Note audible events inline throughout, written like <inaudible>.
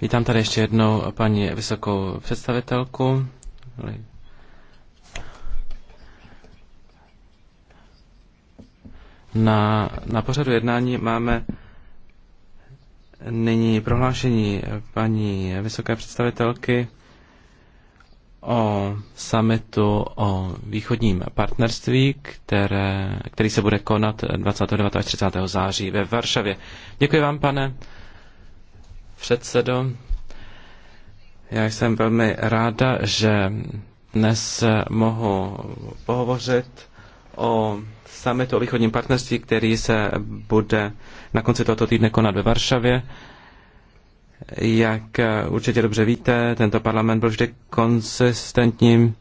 Vítám tady ještě jednou paní vysokou představitelku. Na, na pořadu jednání máme nyní prohlášení paní vysoké představitelky o summitu o východním partnerství, které, který se bude konat 29. až 30. září ve Varšavě. Děkuji vám, pane předsedo. Já jsem velmi ráda, že dnes mohu pohovořit o summitu o východním partnerství, který se bude na konci tohoto týdne konat ve Varšavě. Jak eh, určitě dobře víte, tento parlament byl vždy konsistentním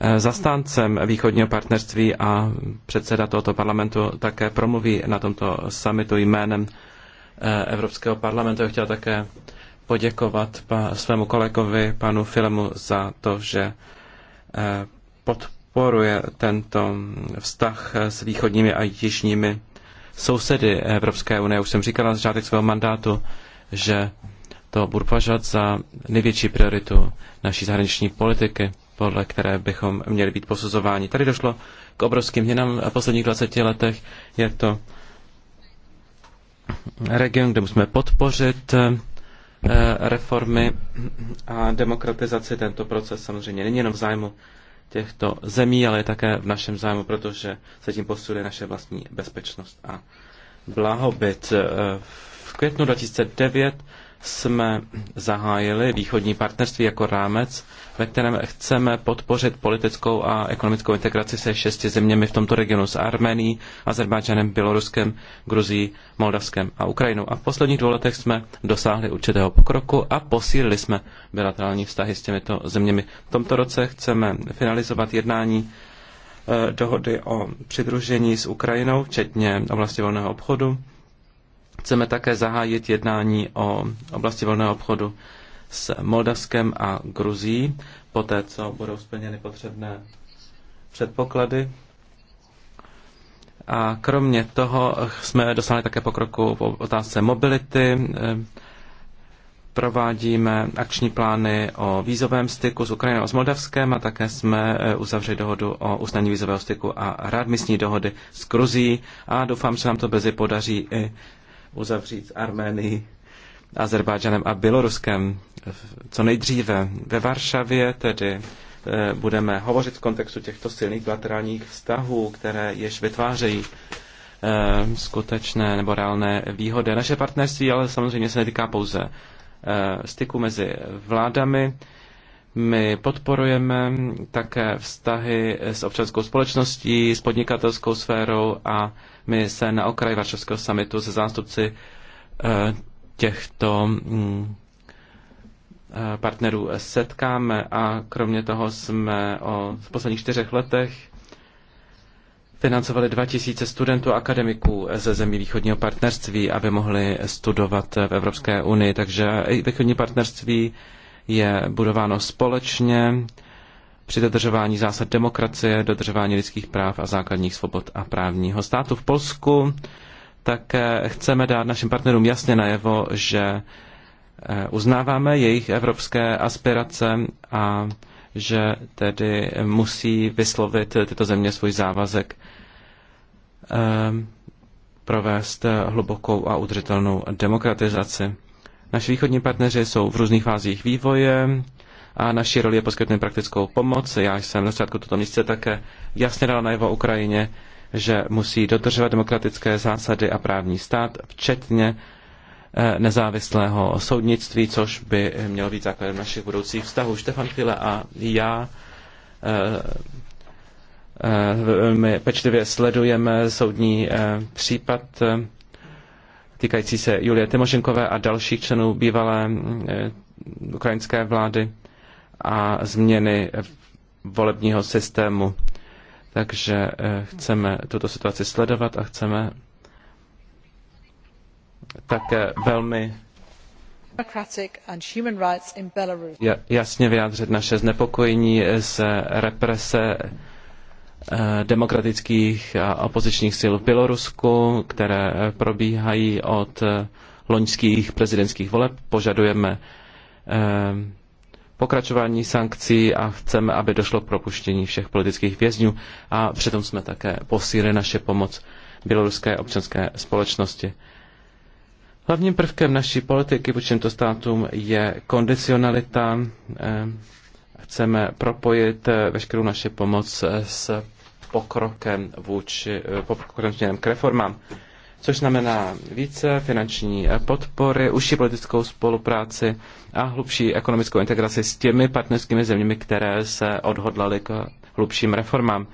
eh, zastáncem východního partnerství a předseda tohoto parlamentu také promluví na tomto summitu jménem eh, Evropského parlamentu. chtěl také poděkovat svému kolegovi, panu Filemu, za to, že podporuje tento vztah s východními a jižními sousedy Evropské unie. Už jsem říkal, na začátek svého mandátu, že to budu považovat za největší prioritu naší zahraniční politiky, podle které bychom měli být posuzováni. Tady došlo k obrovským měnám v posledních 20 letech. Je to region, kde musíme podpořit eh, reformy a demokratizaci. Tento proces samozřejmě není jenom v zájmu těchto zemí, ale je také v našem zájmu, protože se tím posuduje naše vlastní bezpečnost a blahobyt eh, v květnu 2009 jsme zahájili východní partnerství jako rámec, ve kterém chceme podpořit politickou a ekonomickou integraci se šesti zeměmi v tomto regionu s Arménií, Azerbajdžanem, Běloruskem, Gruzií, Moldavskem a Ukrajinou. A v posledních dvou letech jsme dosáhli určitého pokroku a posílili jsme bilaterální vztahy s těmito zeměmi. V tomto roce chceme finalizovat jednání eh, dohody o přidružení s Ukrajinou, včetně oblasti volného obchodu Chceme také zahájit jednání o oblasti volného obchodu s Moldavskem a Gruzí, poté co budou splněny potřebné předpoklady. A kromě toho jsme dosáhli také pokroku v otázce mobility. Provádíme akční plány o vízovém styku s Ukrajinou a s Moldavskem a také jsme eh, uzavřeli dohodu o uznání vízového styku a rád dohody s Gruzí a doufám, že nám to brzy podaří i uzavřít Arménii, Azerbajdžanem a Běloruskem co nejdříve. Ve Varšavě tedy eh, budeme hovořit v kontextu těchto silných bilaterálních vztahů, které jež vytvářejí eh, skutečné nebo reálné výhody. Naše partnerství ale samozřejmě se netýká pouze eh, styku mezi vládami, my podporujeme také vztahy s občanskou společností, s podnikatelskou sférou a my se na okraji Varšavského samitu se zástupci eh, těchto mm, eh, partnerů setkáme a kromě toho jsme o, v posledních čtyřech letech financovali 2000 studentů a akademiků ze zemí východního partnerství, aby mohli studovat v Evropské unii. Takže východní partnerství je budováno společně při dodržování zásad demokracie, dodržování lidských práv a základních svobod a právního státu v Polsku. Tak eh, chceme dát našim partnerům jasně najevo, že eh, uznáváme jejich evropské aspirace a že tedy musí vyslovit tyto země svůj závazek eh, provést hlubokou a udržitelnou demokratizaci. Naši východní partneři jsou v různých fázích vývoje a naši roli je poskytnout praktickou pomoc. Já jsem na začátku toto místě také jasně dal najevo Ukrajině, že musí dodržovat demokratické zásady a právní stát, včetně eh, nezávislého soudnictví, což by mělo být základem našich budoucích vztahů. Štefan Chvíle a já eh, eh, my pečlivě sledujeme soudní případ týkající se Julie Timošenkové a dalších členů bývalé eh, ukrajinské vlády a změny volebního systému. Takže eh, chceme tuto situaci sledovat a chceme také velmi jasně vyjádřit naše znepokojení z represe Eh, demokratických a opozičních sil v Bělorusku, které probíhají od eh, loňských prezidentských voleb. Požadujeme eh, pokračování sankcí a chceme, aby došlo k propuštění všech politických vězňů a přitom jsme také posílili naše pomoc běloruské občanské společnosti. Hlavním prvkem naší politiky vůči těmto státům je kondicionalita Chceme propojit eh, veškerou naši pomoc eh, s pokrokem vůči, eh, pokrokem směrem k reformám, což znamená více finanční podpory, užší politickou spolupráci a hlubší ekonomickou integraci s těmi partnerskými zeměmi, které se odhodlaly k hlubším reformám.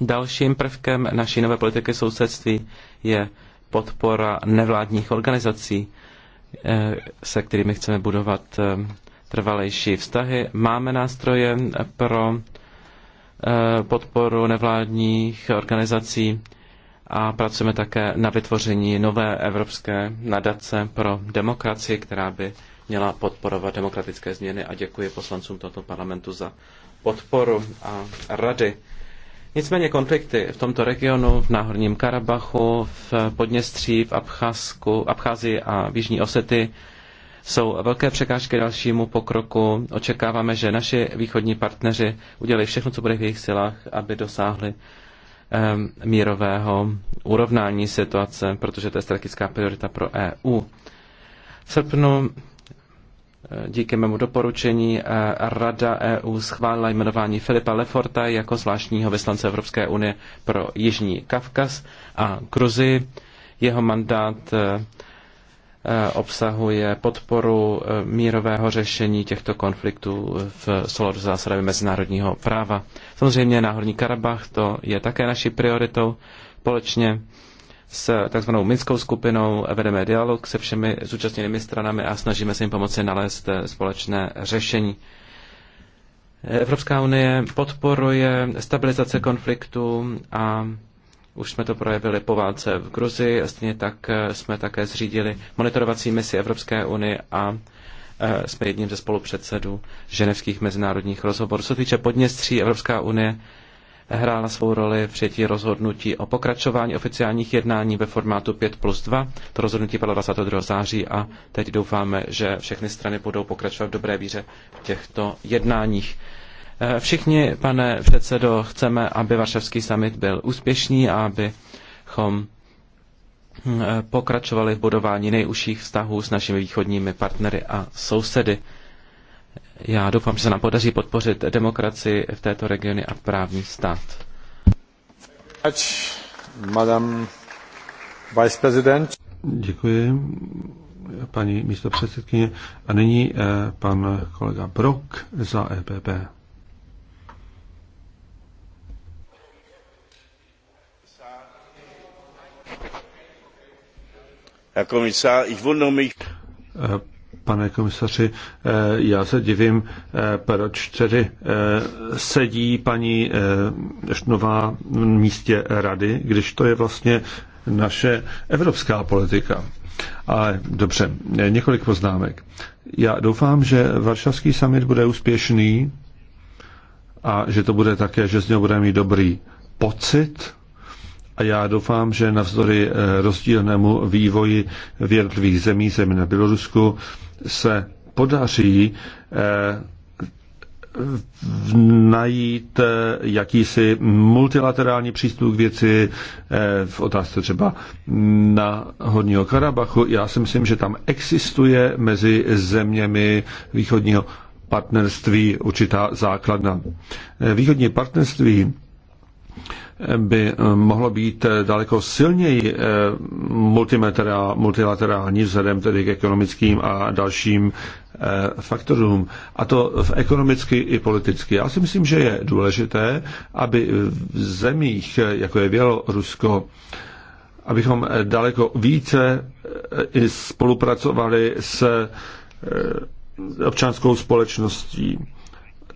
Dalším prvkem naší nové politiky sousedství je podpora nevládních organizací, se kterými chceme budovat trvalejší vztahy. Máme nástroje pro eh, podporu nevládních organizací a pracujeme také na vytvoření nové evropské nadace pro demokracii, která by měla podporovat demokratické změny a děkuji poslancům tohoto parlamentu za podporu a rady. Nicméně konflikty v tomto regionu, v Náhorním Karabachu, v Podněstří, v Abcházku, Abcházii a v Jižní Osety jsou velké překážky dalšímu pokroku. Očekáváme, že naši východní partneři udělají všechno, co bude v jejich silách, aby dosáhli mírového urovnání situace, protože to je strategická priorita pro EU. V srpnu eh, díky mému doporučení eh, Rada EU schválila jmenování Filipa Leforta jako zvláštního vyslance Evropské unie pro Jižní Kavkaz a Gruzii. Jeho mandát eh, Eh, obsahuje podporu eh, mírového řešení těchto konfliktů v souladu s zásadami mezinárodního práva. Samozřejmě Náhorní Karabach to je také naší prioritou. Společně s takzvanou Minskou skupinou vedeme dialog se všemi zúčastněnými stranami a snažíme se jim pomoci nalézt eh, společné řešení. Evropská unie podporuje stabilizace konfliktu a už jsme to projevili po válce v Gruzii, stejně tak eh, jsme také zřídili monitorovací misi Evropské unie a eh, jsme jedním ze spolupředsedů ženevských mezinárodních rozhovorů. Co týče podněstří, Evropská unie hrála svou roli v přijetí rozhodnutí o pokračování oficiálních jednání ve formátu 5 plus 2. To rozhodnutí padlo 22. září a teď doufáme, že všechny strany budou pokračovat v dobré víře v těchto jednáních. Eh, všichni, pane předsedo, chceme, aby Varšavský summit byl úspěšný a abychom hm, eh, pokračovali v budování nejužších vztahů s našimi východními partnery a sousedy. Já doufám, že se nám podaří podpořit demokracii v této regioni a právní stát. Děkuji, paní místopředsedkyně. A nyní eh, pan kolega Brok za EPP. Herr Kommissar, ich wundere mich. Eh, pane komisaři, eh, já se divím, eh, proč tedy sedí paní Štnová v místě rady, když to je vlastně naše evropská politika. Ale dobře, několik poznámek. Já doufám, že Varšavský summit bude úspěšný a že to bude také, že z něho bude mít dobrý pocit a já doufám, že navzdory eh, rozdílnému vývoji v jednotlivých zemí, zemí na Bělorusku, se podaří eh, najít eh, jakýsi multilaterální přístup k věci v otázce třeba na Horního Karabachu. Já si myslím, že tam existuje mezi zeměmi východního partnerství určitá základna. Východní partnerství by eh, mohlo být eh, daleko silněji eh, multilaterální vzhledem tedy k ekonomickým a dalším faktorům. A to v ekonomicky i politicky. Já si myslím, že je důležité, aby v zemích, jako je Bělorusko, abychom daleko více spolupracovali s občanskou společností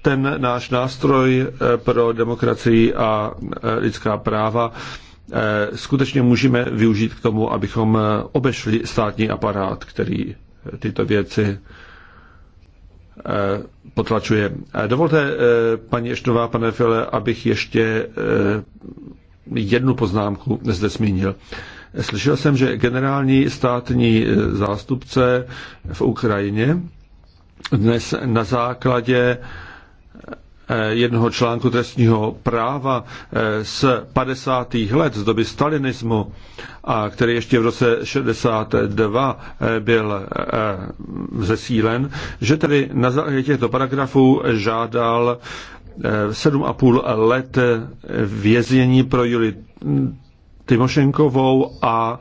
ten náš nástroj eh, pro demokracii a eh, lidská práva eh, skutečně můžeme využít k tomu, abychom obešli státní aparát, který tyto věci potlačuje. Dovolte, paní Eštová, pane File, abych ještě jednu poznámku zde zmínil. Slyšel jsem, že generální státní zástupce v Ukrajině dnes na základě eh, Eh, jednoho článku trestního práva eh, z 50. let, z doby stalinismu, a který ještě v roce 62 eh, byl zesílen, že tedy na základě těchto paragrafů žádal 7,5 let vězení pro Juli Tymošenkovou a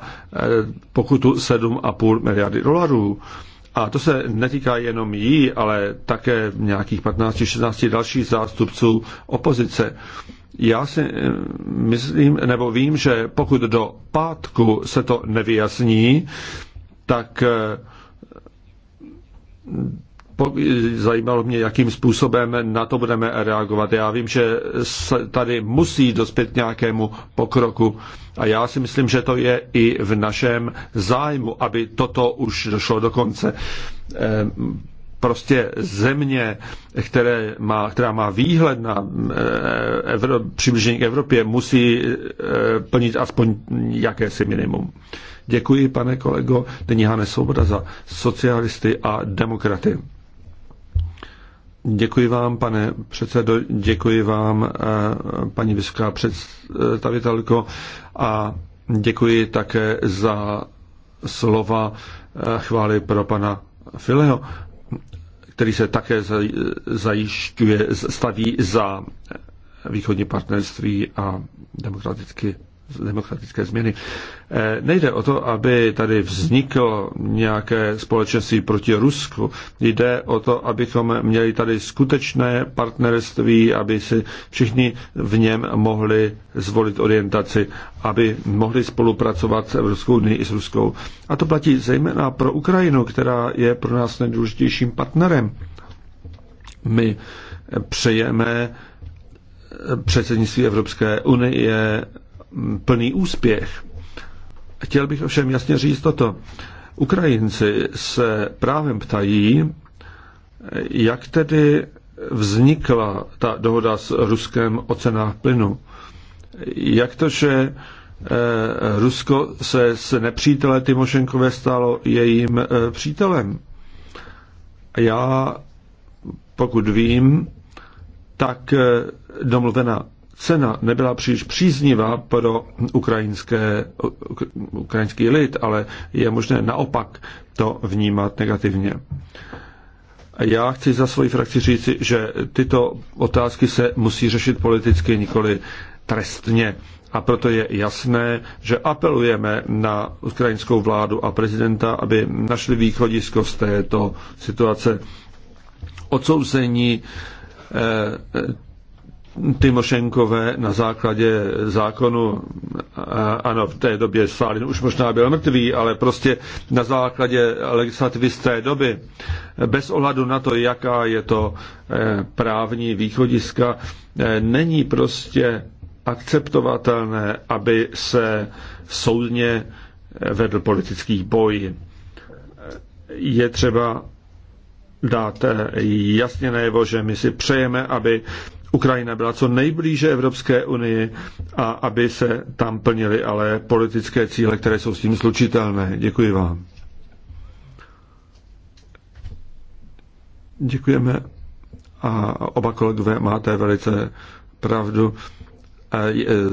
pokutu 7,5 miliardy dolarů. A to se netýká jenom jí, ale také nějakých 15-16 dalších zástupců opozice. Já si eh, myslím, nebo vím, že pokud do pátku se to nevyjasní, tak eh, zajímalo mě, jakým způsobem na to budeme reagovat. Já vím, že tady musí dospět k nějakému pokroku a já si myslím, že to je i v našem zájmu, aby toto už došlo do konce. Ehm, prostě země, které má, která má výhled na ehm, Evro, přibližení k Evropě, musí ehm, plnit aspoň jakési minimum. Děkuji, pane kolego, Deníhane Svoboda za socialisty a demokraty. Děkuji vám, pane předsedo, děkuji vám, eh, paní vysoká představitelko, a děkuji také za slova eh, chvály pro pana Fileho, který se také zajišťuje, staví za východní partnerství a demokraticky demokratické změny. Eh, nejde o to, aby tady vzniklo nějaké společenství proti Rusku. Jde o to, abychom měli tady skutečné partnerství, aby si všichni v něm mohli zvolit orientaci, aby mohli spolupracovat s Evropskou unii i s Ruskou. A to platí zejména pro Ukrajinu, která je pro nás nejdůležitějším partnerem. My přejeme eh, předsednictví Evropské unie plný úspěch. Chtěl bych ovšem jasně říct toto. Ukrajinci se právem ptají, jak tedy vznikla ta dohoda s Ruskem o cenách plynu. Jak to, že eh, Rusko se s nepřítele Timošenkové stalo jejím eh, přítelem? Já, pokud vím, tak eh, domluvena cena nebyla příliš příznivá pro ukrajinské, ukrajinský lid, ale je možné naopak to vnímat negativně. Já chci za svoji frakci říci, že tyto otázky se musí řešit politicky, nikoli trestně. A proto je jasné, že apelujeme na ukrajinskou vládu a prezidenta, aby našli východisko z této situace. Odsouzení eh, Timošenkové na základě zákonu, ano, v té době Stalin už možná byl mrtvý, ale prostě na základě legislativy z té doby, bez ohledu na to, jaká je to eh, právní východiska, eh, není prostě akceptovatelné, aby se soudně eh, vedl politický boj. Je třeba dát jasně najevo, že my si přejeme, aby Ukrajina byla co nejblíže Evropské unii a aby se tam plnily ale politické cíle, které jsou s tím slučitelné. Děkuji vám. Děkujeme a oba kolegové máte velice pravdu,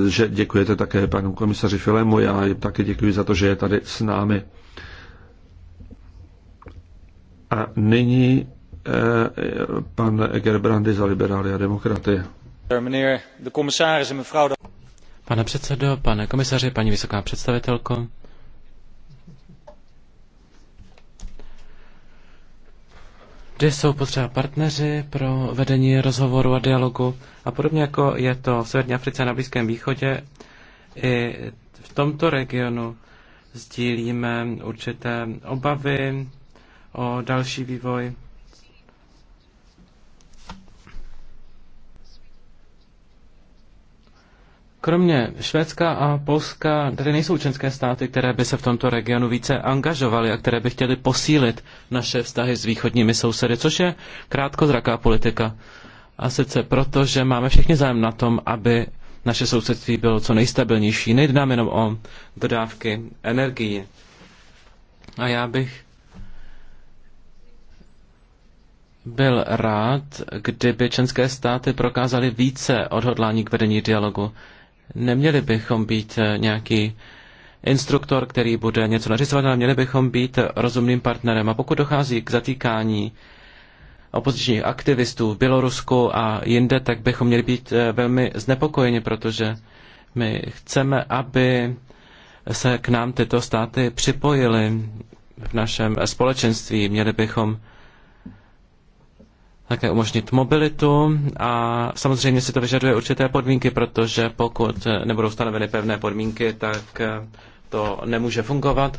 že děkujete také panu komisaři Filemu. Já také děkuji za to, že je tady s námi. A nyní Eh, pan Gerbrandy za liberály a demokraty. Pane předsedo, pane komisaři, paní vysoká představitelko. Kde jsou potřeba partneři pro vedení rozhovoru a dialogu a podobně jako je to v Severní Africe a na Blízkém východě, i v tomto regionu sdílíme určité obavy o další vývoj Kromě Švédska a Polska tady nejsou členské státy, které by se v tomto regionu více angažovaly a které by chtěly posílit naše vztahy s východními sousedy, což je krátkozraká politika. A sice proto, že máme všichni zájem na tom, aby naše sousedství bylo co nejstabilnější. Nejde nám jenom o dodávky energii. A já bych byl rád, kdyby členské státy prokázaly více odhodlání k vedení dialogu. Neměli bychom být eh, nějaký instruktor, který bude něco nařizovat, ale měli bychom být rozumným partnerem. A pokud dochází k zatýkání opozičních aktivistů v Bělorusku a jinde, tak bychom měli být eh, velmi znepokojeni, protože my chceme, aby se k nám tyto státy připojily v našem společenství. Měli bychom také umožnit mobilitu a samozřejmě si to vyžaduje určité podmínky, protože pokud nebudou stanoveny pevné podmínky, tak to nemůže fungovat.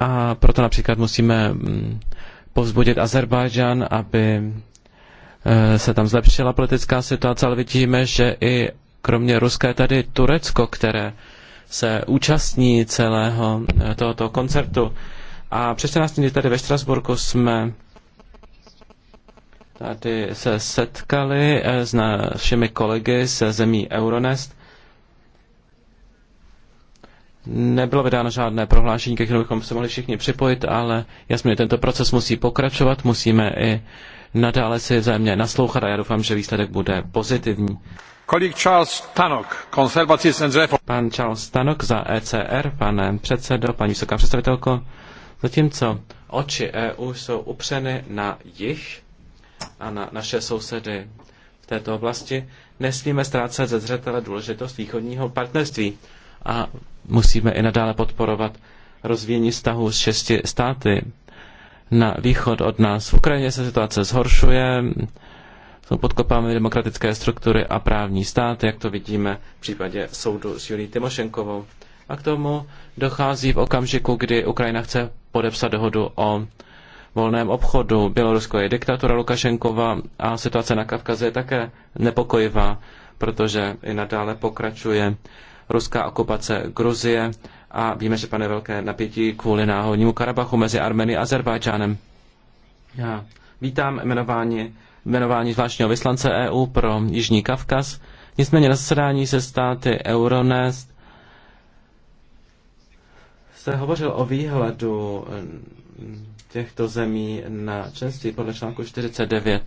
A proto například musíme mm, povzbudit Azerbajdžan, aby eh, se tam zlepšila politická situace, ale vidíme, že i kromě Ruska je tady Turecko, které se účastní celého eh, tohoto koncertu. A před 14 dny tady ve Štrasburku jsme tady se setkali eh, s našimi kolegy ze zemí Euronest. Nebylo vydáno žádné prohlášení, ke kterému bychom se mohli všichni připojit, ale jasně, tento proces musí pokračovat, musíme i nadále si vzájemně naslouchat a já doufám, že výsledek bude pozitivní. Kolik Charles Tanok, konzervativní Pan Charles Tanok za ECR, pane předsedo, paní vysoká představitelko. Zatímco oči EU jsou upřeny na jich a na naše sousedy v této oblasti, nesmíme ztrácet ze zřetele důležitost východního partnerství a musíme i nadále podporovat rozvíjení vztahu s šesti státy na východ od nás. V Ukrajině se situace zhoršuje, jsou podkopány demokratické struktury a právní stát, jak to vidíme v případě soudu s Julí Timošenkovou. A k tomu dochází v okamžiku, kdy Ukrajina chce podepsat dohodu o volném obchodu. Bělorusko je diktatura Lukašenkova a situace na Kavkaze je také nepokojivá, protože i nadále pokračuje ruská okupace Gruzie a víme, že pane velké napětí kvůli náhodnímu Karabachu mezi Armenií a Azerbajdžánem. Já vítám jmenování, jmenování zvláštního vyslance EU pro Jižní Kavkaz. Nicméně na zasedání se státy Euronest jste hovořil o výhledu eh, těchto zemí na členství podle článku 49.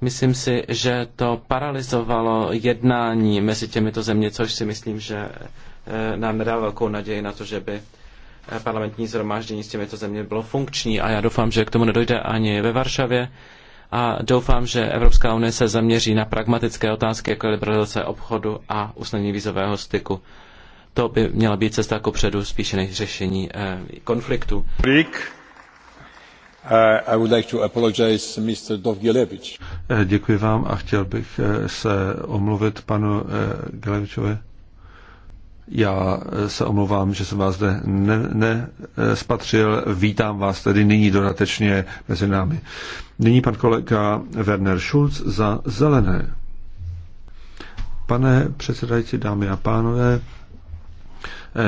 Myslím si, že to paralizovalo jednání mezi těmito země, což si myslím, že eh, nám nedá velkou naději na to, že by eh, parlamentní zhromáždění s těmito zeměmi bylo funkční a já doufám, že k tomu nedojde ani ve Varšavě a doufám, že Evropská unie se zaměří na pragmatické otázky jako liberalizace obchodu a usnadnění vízového styku. To by měla být cesta jako předu spíše než řešení eh, konfliktu. Eh, I would like to Mr. Eh, děkuji vám a chtěl bych se omluvit panu Gilevičovi. Já se omlouvám, že jsem vás zde nespatřil. Ne, Vítám vás tedy nyní dodatečně mezi námi. Nyní pan kolega Werner Schulz za zelené. Pane předsedající, dámy a pánové,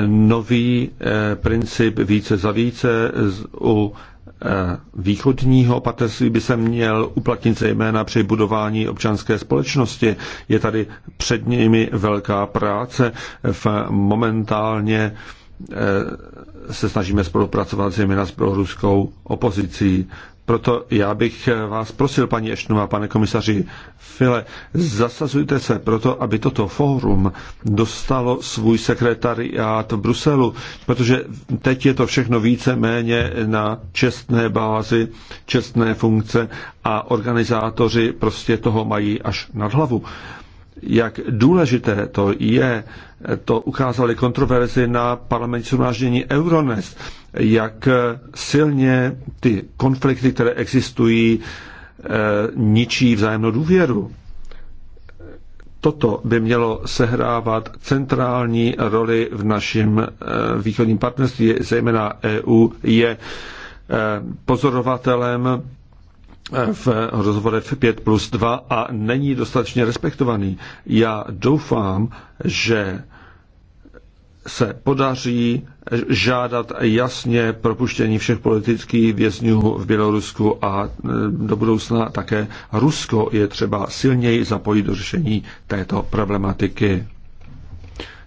nový eh, princip více za více u eh, východního partnerství by se měl uplatnit zejména při budování občanské společnosti. Je tady před nimi velká práce. V momentálně eh, se snažíme spolupracovat zejména s proruskou opozicí. Proto já bych eh, vás prosil, paní Eštnová, pane komisaři File, zasazujte se proto, aby toto fórum dostalo svůj sekretariát v Bruselu, protože teď je to všechno více-méně na čestné bázi, čestné funkce a organizátoři prostě toho mají až nad hlavu. Jak důležité to je, to ukázali kontroverzi na parlamentní shromáždění Euronest jak silně ty konflikty, které existují, eh, ničí vzájemnou důvěru. Toto by mělo sehrávat centrální roli v našem eh, východním partnerství, zejména EU je eh, pozorovatelem v rozhovorech 5 plus 2 a není dostatečně respektovaný. Já doufám, že se podaří žádat jasně propuštění všech politických vězňů v Bělorusku a e, do budoucna také Rusko je třeba silněji zapojit do řešení této problematiky.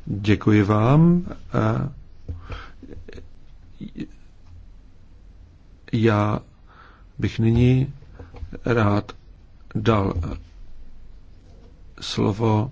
Děkuji vám. E, já bych nyní rád dal slovo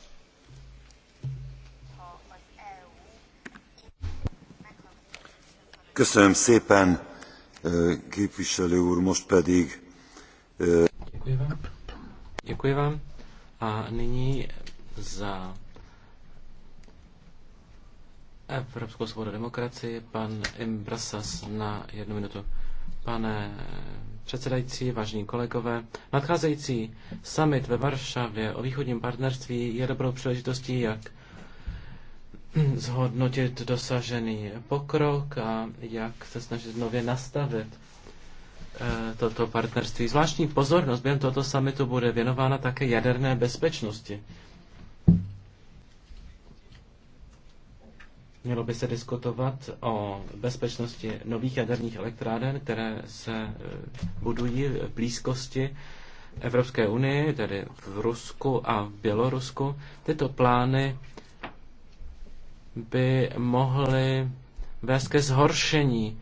Köszönöm szépen, képviselő úr, most pedig... Děkuji vám. Děkuji vám. A nyní za Evropskou svobodu demokracii pan Imbrasas na jednu minutu. Pane předsedající, vážení kolegové, nadcházející summit ve Varšavě o východním partnerství je dobrou příležitostí, jak zhodnotit dosažený pokrok a jak se snažit nově nastavit eh, toto partnerství. Zvláštní pozornost během tohoto samitu bude věnována také jaderné bezpečnosti. Mělo by se diskutovat o bezpečnosti nových jaderných elektráden, které se eh, budují v blízkosti Evropské unii, tedy v Rusku a v Bělorusku. Tyto plány by mohly vést ke zhoršení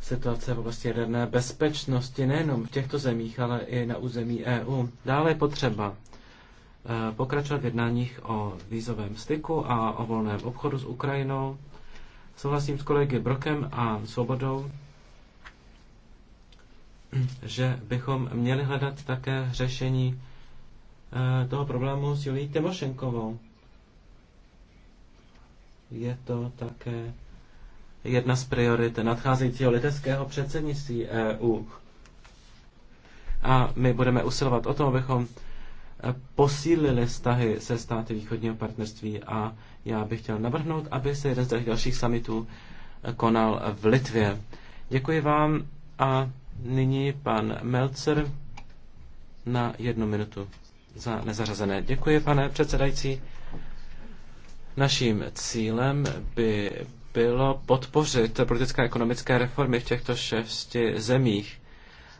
situace v oblasti jaderné bezpečnosti nejenom v těchto zemích, ale i na území EU. Dále je potřeba eh, pokračovat v jednáních o vízovém styku a o volném obchodu s Ukrajinou. Souhlasím s kolegy Brokem a Svobodou, že bychom měli hledat také řešení eh, toho problému s Julií Timošenkovou je to také jedna z priorit nadcházejícího litevského předsednictví EU. A my budeme usilovat o tom, abychom eh, posílili vztahy se státy východního partnerství a já bych chtěl navrhnout, aby se jeden z těch dalších summitů eh, konal v Litvě. Děkuji vám a nyní pan Melcer na jednu minutu za nezařazené. Děkuji, pane předsedající. Naším cílem by bylo podpořit politické a ekonomické reformy v těchto šesti zemích.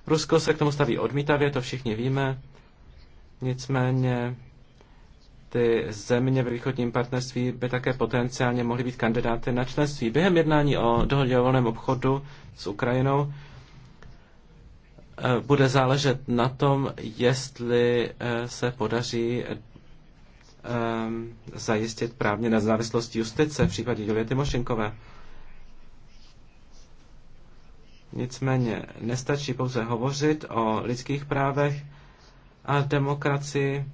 Rusko se k tomu staví odmítavě, to všichni víme. Nicméně ty země ve východním partnerství by také potenciálně mohly být kandidáty na členství. Během jednání o dohodě o volném obchodu s Ukrajinou eh, bude záležet na tom, jestli eh, se podaří Ehm, zajistit právně nezávislost justice v případě Julie Tymošenkové. Nicméně nestačí pouze hovořit o lidských právech a demokracii.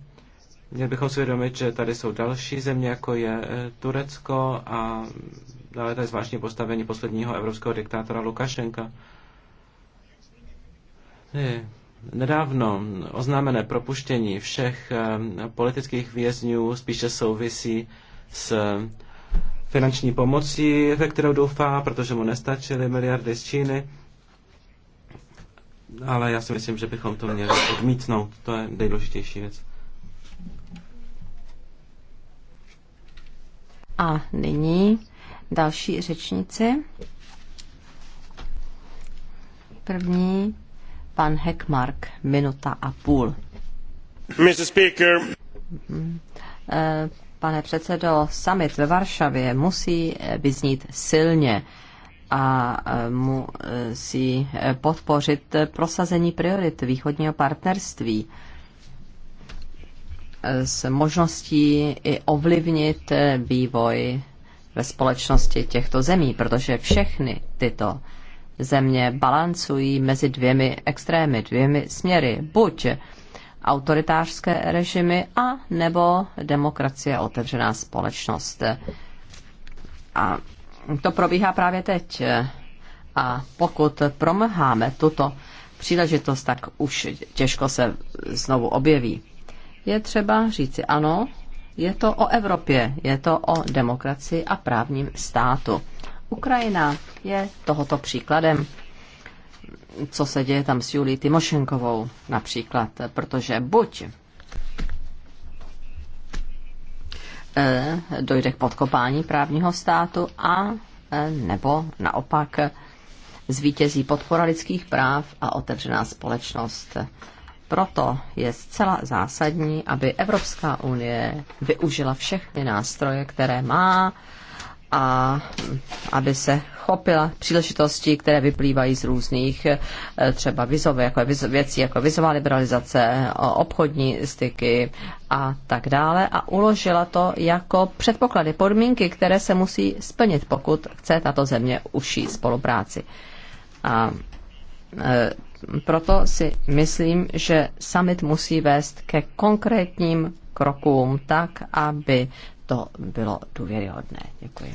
Měli bychom si vědomit, že tady jsou další země, jako je eh, Turecko a dále tady zvláštní postavení posledního evropského diktátora Lukašenka. Ne. Nedávno oznámené propuštění všech eh, politických vězňů spíše souvisí s eh, finanční pomocí, ve kterou doufá, protože mu nestačily miliardy z Číny. Ale já si myslím, že bychom to měli odmítnout. To je nejdůležitější věc. A nyní další řečnice. První Pan Heckmark, minuta a půl. Mr. Speaker. Eh, pane předsedo, summit ve Varšavě musí eh, vyznít silně a eh, musí podpořit prosazení priorit východního partnerství s možností i ovlivnit vývoj ve společnosti těchto zemí, protože všechny tyto země balancují mezi dvěmi extrémy, dvěmi směry. Buď autoritářské režimy a nebo demokracie otevřená společnost. A to probíhá právě teď. A pokud promrháme tuto příležitost, tak už těžko se znovu objeví. Je třeba říci ano, je to o Evropě, je to o demokracii a právním státu. Ukrajina je tohoto příkladem. Co se děje tam s Julí Tymošenkovou například, protože buď eh, dojde k podkopání právního státu a eh, nebo naopak zvítězí podpora lidských práv a otevřená společnost. Proto je zcela zásadní, aby Evropská unie využila všechny nástroje, které má a aby se chopila příležitosti, které vyplývají z různých eh, třeba vizové, jako viz, věcí, jako vizová liberalizace, obchodní styky a tak dále a uložila to jako předpoklady, podmínky, které se musí splnit, pokud chce tato země uší spolupráci. A e, proto si myslím, že summit musí vést ke konkrétním krokům tak, aby to bylo důvěryhodné. Děkuji.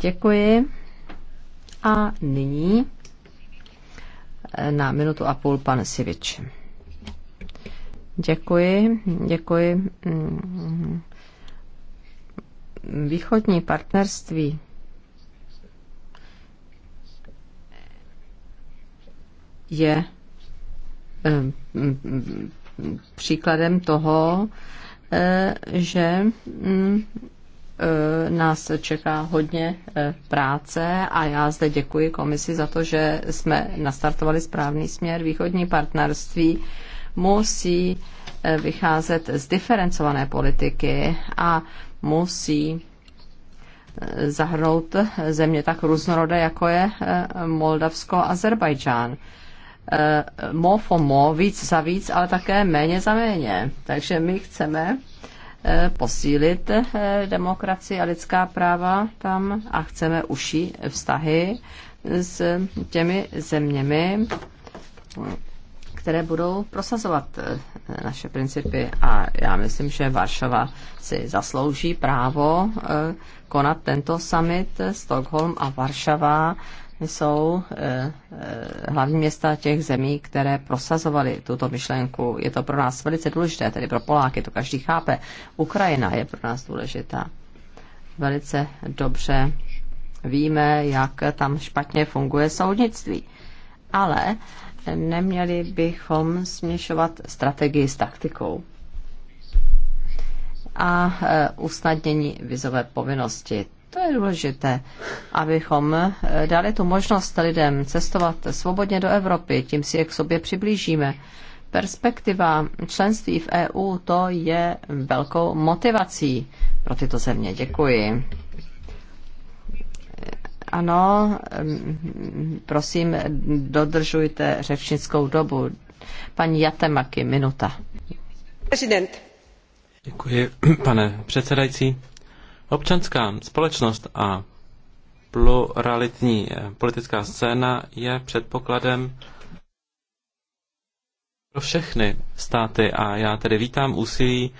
Děkuji. A nyní eh, na minutu a půl pan Sivič. Děkuji, děkuji. Mm, východní partnerství je eh, mm, mm, příkladem toho, Eh, že mm, eh, nás čeká hodně eh, práce a já zde děkuji komisi za to, že jsme nastartovali správný směr. Východní partnerství musí vycházet z diferencované politiky a musí zahrnout země tak různorodé, jako je Moldavsko a Azerbajdžán. Eh, mo for mo, víc za víc, ale také méně za méně. Takže my chceme eh, posílit eh, demokracii a lidská práva tam a chceme uší vztahy s těmi zeměmi, které budou prosazovat naše principy. A já myslím, že Varšava si zaslouží právo konat tento summit. Stockholm a Varšava jsou eh, eh, hlavní města těch zemí, které prosazovaly tuto myšlenku. Je to pro nás velice důležité, tedy pro Poláky, to každý chápe. Ukrajina je pro nás důležitá. Velice dobře víme, jak tam špatně funguje soudnictví. Ale neměli bychom směšovat strategii s taktikou a eh, usnadnění vizové povinnosti. To je důležité, abychom eh, dali tu možnost lidem cestovat svobodně do Evropy, tím si je k sobě přiblížíme. Perspektiva členství v EU to je velkou motivací pro tyto země. Děkuji. Ano, mm, prosím, dodržujte řečnickou dobu. Paní Jatemaki, minuta. Prezident. Děkuji, pane předsedající. Občanská společnost a pluralitní eh, politická scéna je předpokladem pro všechny státy a já tedy vítám úsilí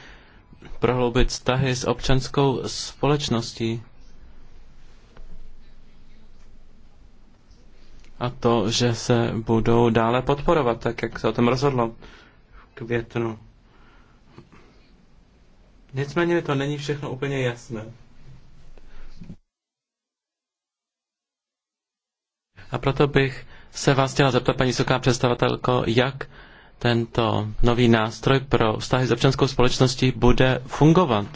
prohloubit vztahy s občanskou společností. A to, že se budou dále podporovat, tak jak se o tom rozhodlo v květnu. Nicméně to není všechno úplně jasné. A proto bych se vás chtěla zeptat, paní vysoká představitelko, jak tento nový nástroj pro vztahy s občanskou společností bude fungovat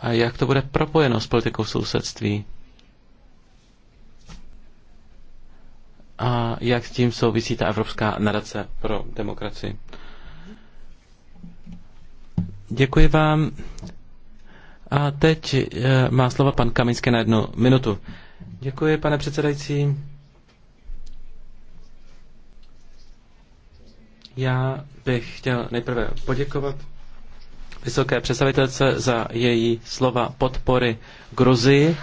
a jak to bude propojeno s politikou sousedství a jak s tím souvisí ta Evropská nadace pro demokracii. Děkuji vám. A teď eh, má slovo pan Kaminský na jednu minutu. Děkuji, pane předsedající. Já bych chtěl nejprve poděkovat vysoké představitelce za její slova podpory Gruzii,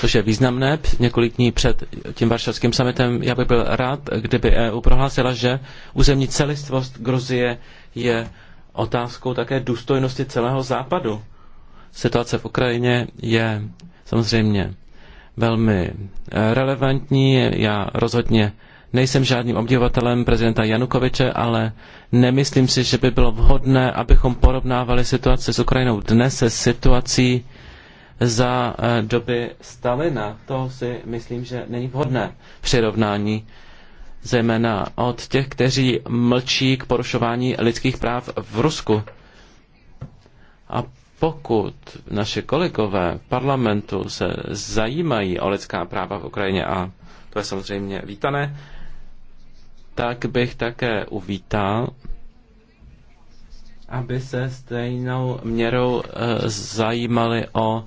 což je významné. Několik dní před tím varšavským summitem já bych byl rád, kdyby EU prohlásila, že územní celistvost Gruzie je otázkou také důstojnosti celého západu. Situace v Ukrajině je samozřejmě velmi eh, relevantní. Já rozhodně nejsem žádným obdivovatelem prezidenta Janukoviče, ale nemyslím si, že by bylo vhodné, abychom porovnávali situaci s Ukrajinou dnes se situací za eh, doby Stalina. To si myslím, že není vhodné přirovnání, zejména od těch, kteří mlčí k porušování lidských práv v Rusku. A pokud naše kolegové parlamentu se zajímají o lidská práva v Ukrajině, a to je samozřejmě vítané, tak bych také uvítal, aby se stejnou měrou eh, zajímali o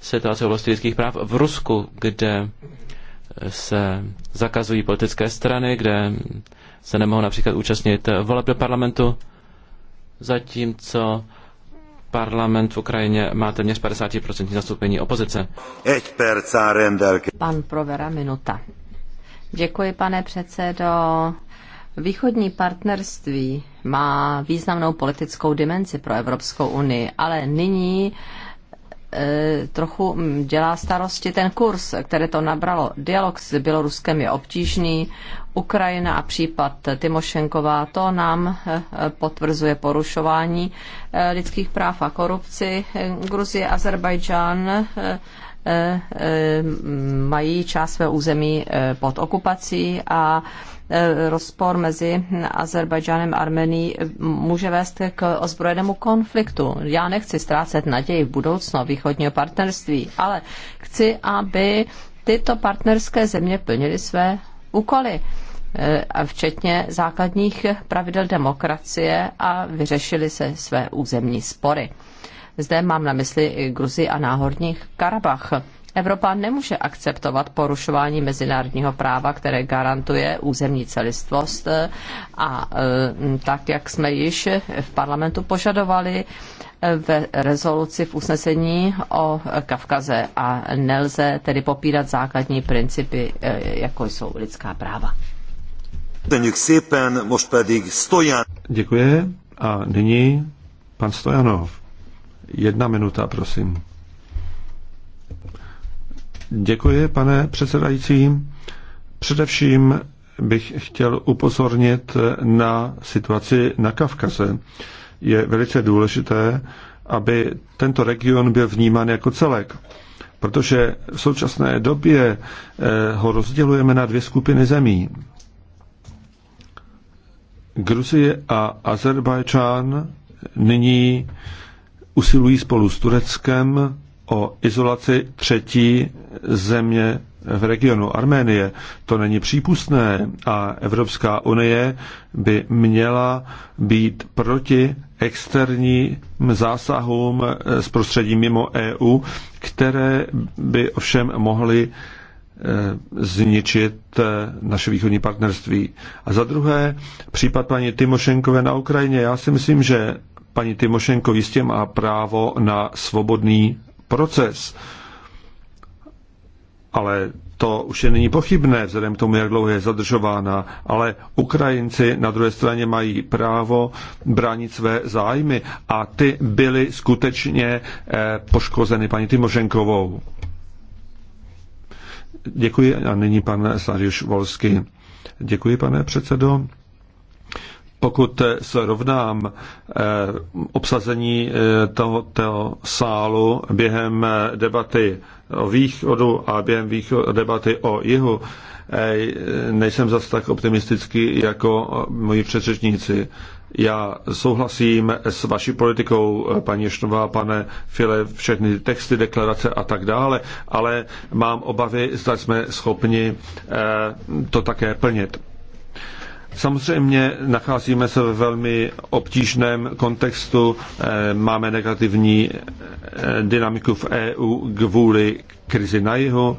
situaci oblasti lidských práv v Rusku, kde eh, se zakazují politické strany, kde se nemohou například účastnit voleb do parlamentu, zatímco parlament v Ukrajině má téměř 50% zastoupení opozice. Pan Provera, minuta. Děkuji, pane předsedo. Východní partnerství má významnou politickou dimenzi pro Evropskou unii, ale nyní e, trochu mm, dělá starosti ten kurz, které to nabralo. Dialog s Běloruskem je obtížný, Ukrajina a případ Timošenková, to nám eh, potvrzuje porušování eh, lidských práv a korupci. Gruzie, Azerbajdžán eh, mají část své území pod okupací a rozpor mezi Azerbajdžánem a Armenií může vést k ozbrojenému konfliktu. Já nechci ztrácet naději v budoucno východního partnerství, ale chci, aby tyto partnerské země plnily své úkoly, eh, včetně základních pravidel demokracie a vyřešili se své územní spory. Zde mám na mysli i Gruzi a náhorní Karabach. Evropa nemůže akceptovat porušování mezinárodního práva, které garantuje územní celistvost eh, a eh, tak, jak jsme již v parlamentu požadovali ve rezoluci, v usnesení o Kavkaze a nelze tedy popírat základní principy, eh, jako jsou lidská práva. Děkuji. A nyní pan Stojanov. Jedna minuta, prosím. Děkuji, pane předsedající. Především bych chtěl upozornit na situaci na Kavkaze je velice důležité, aby tento region byl vnímán jako celek. Protože v současné době eh, ho rozdělujeme na dvě skupiny zemí. Gruzie a Azerbajdžán nyní usilují spolu s Tureckem o izolaci třetí země v regionu Arménie. To není přípustné a Evropská unie by měla být proti externím zásahům z prostředí mimo EU, které by ovšem mohly eh, zničit eh, naše východní partnerství. A za druhé, případ paní Timošenkové na Ukrajině. Já si myslím, že paní Timošenko jistě má právo na svobodný proces ale to už je nyní pochybné, vzhledem k tomu, jak dlouho je zadržována, ale Ukrajinci na druhé straně mají právo bránit své zájmy a ty byly skutečně eh, poškozeny paní Timošenkovou. Děkuji a nyní pan Sariš Volsky. Děkuji, pane předsedo. Pokud se eh, obsazení eh, tohoto sálu během eh, debaty o východu a během východu, debaty o jihu nejsem zas tak optimistický jako moji předřečníci. Já souhlasím s vaší politikou, paní Šnová, pane File, všechny texty, deklarace a tak dále, ale mám obavy, zda jsme schopni eh, to také plnit. Samozřejmě nacházíme se ve velmi obtížném kontextu. Eh, máme negativní eh, dynamiku v EU kvůli krizi na jihu.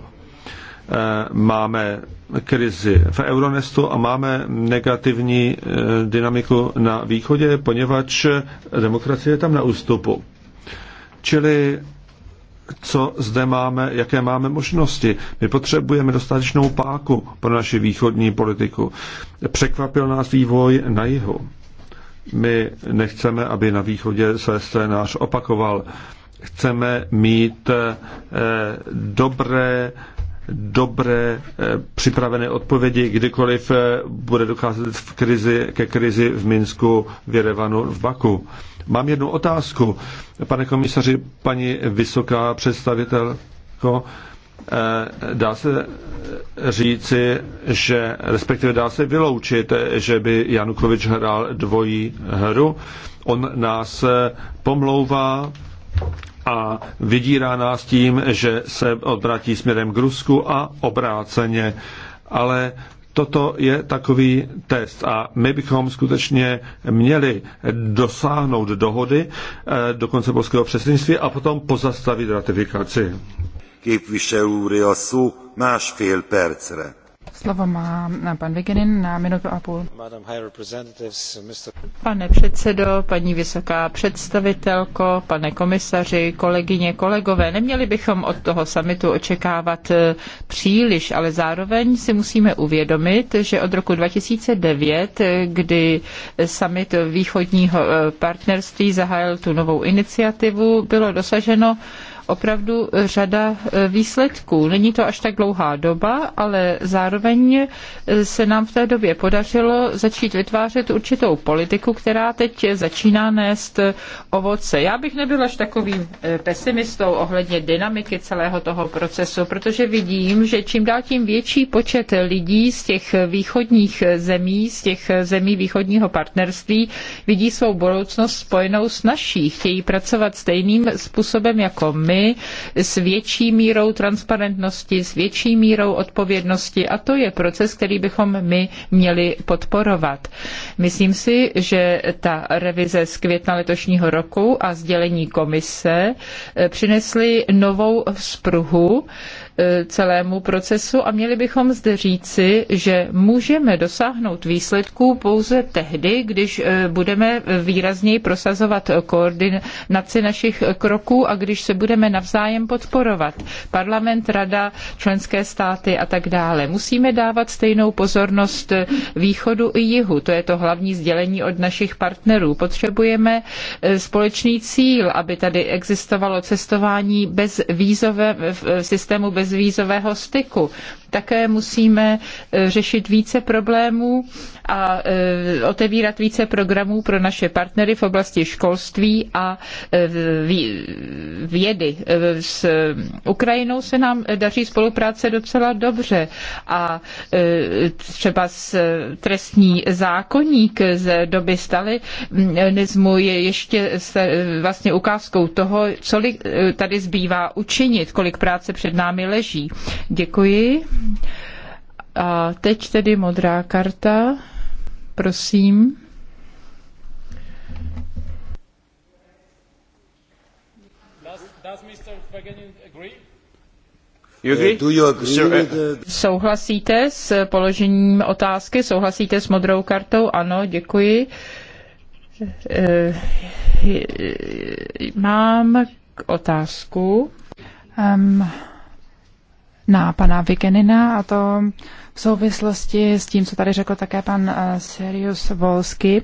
Eh, máme krizi v Euronestu a máme negativní dynamiku na východě, poněvadž demokracie je tam na ústupu. Čili co zde máme, jaké máme možnosti. My potřebujeme dostatečnou páku pro naši východní politiku. Překvapil nás vývoj na jihu. My nechceme, aby na východě se scénář opakoval. Chceme mít eh, dobré eh, dobré eh, připravené odpovědi, kdykoliv eh, bude docházet v krizi, ke krizi v Minsku, v Jerevanu, v Baku. Mám jednu otázku. Pane komisaři, paní vysoká představitelko, eh, dá se říci, že respektive dá se vyloučit, že by Janukovič hrál dvojí hru. On nás pomlouvá, a vydírá nás tím, že se odvrátí směrem k Rusku a obráceně. Ale toto je takový test a my bychom skutečně měli dosáhnout dohody eh, do konce polského předsednictví a potom pozastavit ratifikaci. Képviselő úr, a szó másfél percre. Slovo má pan Vigenin na minutu a půl. Pane předsedo, paní vysoká představitelko, pane komisaři, kolegyně, kolegové, neměli bychom od toho samitu očekávat eh, příliš, ale zároveň si musíme uvědomit, že od roku 2009, eh, kdy summit východního eh, partnerství zahájil tu novou iniciativu, bylo dosaženo opravdu e, řada e, výsledků. Není to až tak dlouhá doba, ale zároveň e, se nám v té době podařilo začít vytvářet určitou politiku, která teď začíná nést ovoce. Já bych nebyl až takovým pesimistou ohledně dynamiky celého toho procesu, protože vidím, že čím dál tím větší počet lidí z těch východních zemí, z těch zemí východního partnerství, vidí svou budoucnost spojenou s naší. Chtějí pracovat stejným způsobem jako my my s větší mírou transparentnosti, s větší mírou odpovědnosti a to je proces, který bychom my měli podporovat. Myslím si, že ta revize z května letošního roku a sdělení komise eh, přinesly novou vzpruhu, E, celému procesu a měli bychom zde říci, že můžeme dosáhnout výsledků pouze tehdy, když e, budeme výrazněji prosazovat koordinaci našich kroků a když se budeme navzájem podporovat. Parlament, rada, členské státy a tak dále. Musíme dávat stejnou pozornost východu i jihu. To je to hlavní sdělení od našich partnerů. Potřebujeme e, společný cíl, aby tady existovalo cestování bez vízové, v systému bez bezvízového styku. Také musíme e, řešit více problémů a e, otevírat více programů pro naše partnery v oblasti školství a e, vědy. S Ukrajinou se nám daří spolupráce docela dobře a třeba s trestní zákonník z doby stalinismu je ještě vlastně ukázkou toho, co tady zbývá učinit, kolik práce před námi leží. Děkuji. A teď tedy modrá karta. Prosím. Uh, Souhlasíte s položením otázky? Souhlasíte s modrou kartou? Ano, děkuji. Eh, eh, mám otázku. Um, na pana Vigenina a to v souvislosti s tím, co tady řekl také pan eh, Sirius Volsky.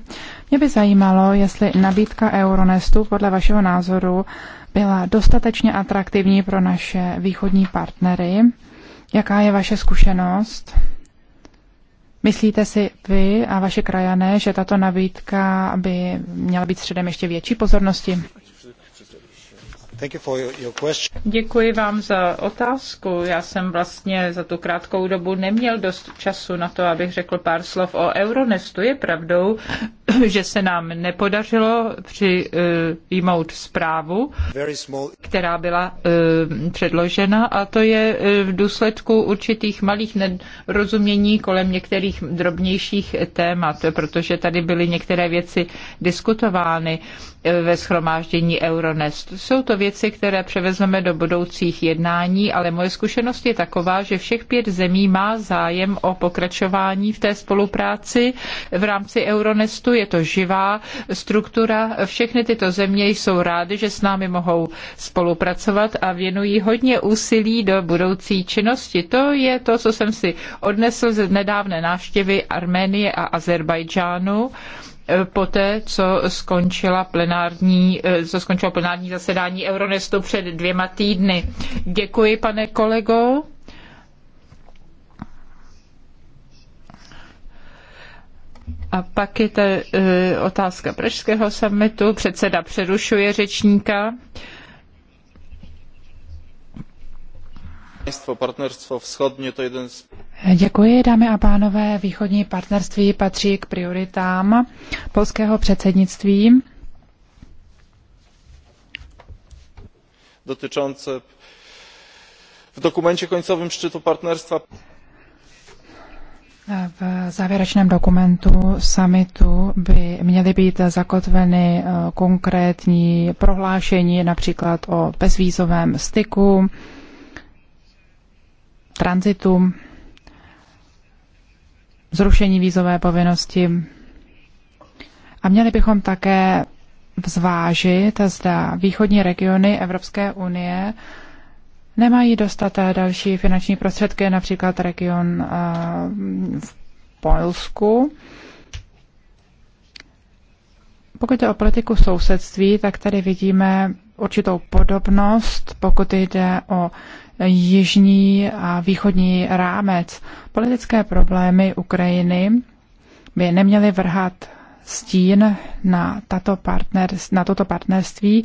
Mě by zajímalo, jestli nabídka Euronestu podle vašeho názoru byla dostatečně atraktivní pro naše východní partnery. Jaká je vaše zkušenost? Myslíte si vy a vaše krajané, že tato nabídka by měla být středem ještě větší pozornosti? Děkuji vám za otázku. Já jsem vlastně za tu krátkou dobu neměl dost času na to, abych řekl pár slov o Euronestu. Je pravdou, <coughs> že se nám nepodařilo přijmout zprávu, která byla eh, předložena a to je eh, v důsledku určitých malých nerozumění kolem některých drobnějších témat, protože tady byly některé věci diskutovány eh, ve schromáždění Euronest. Jsou to věci, které převezmeme do budoucích jednání, ale moje zkušenost je taková, že všech pět zemí má zájem o pokračování v té spolupráci v rámci Euronestu je to živá struktura. Všechny tyto země jsou rády, že s námi mohou spolupracovat a věnují hodně úsilí do budoucí činnosti. To je to, co jsem si odnesl z nedávné návštěvy Arménie a Azerbajdžánu eh, poté, co skončila plenární, eh, co skončilo plenární zasedání Euronestu před dvěma týdny. Děkuji, pane kolego. A pak je ta e, otázka Pražského summitu. Předseda přerušuje řečníka. partnerstvo to jeden z... Děkuji, dámy a pánové. Východní partnerství patří k prioritám polského předsednictví. Dotyczące v dokumentě końcowym szczytu partnerstva. V závěrečném dokumentu summitu by měly být zakotveny eh, konkrétní prohlášení například o bezvízovém styku, tranzitu, zrušení vízové povinnosti. A měli bychom také zvážit, zda východní regiony Evropské unie nemají dostat eh, další finanční prostředky, například region eh, v Polsku. Pokud jde o politiku sousedství, tak tady vidíme určitou podobnost, pokud jde o jižní a východní rámec. Politické problémy Ukrajiny by neměly vrhat stín na, tato partner, na toto partnerství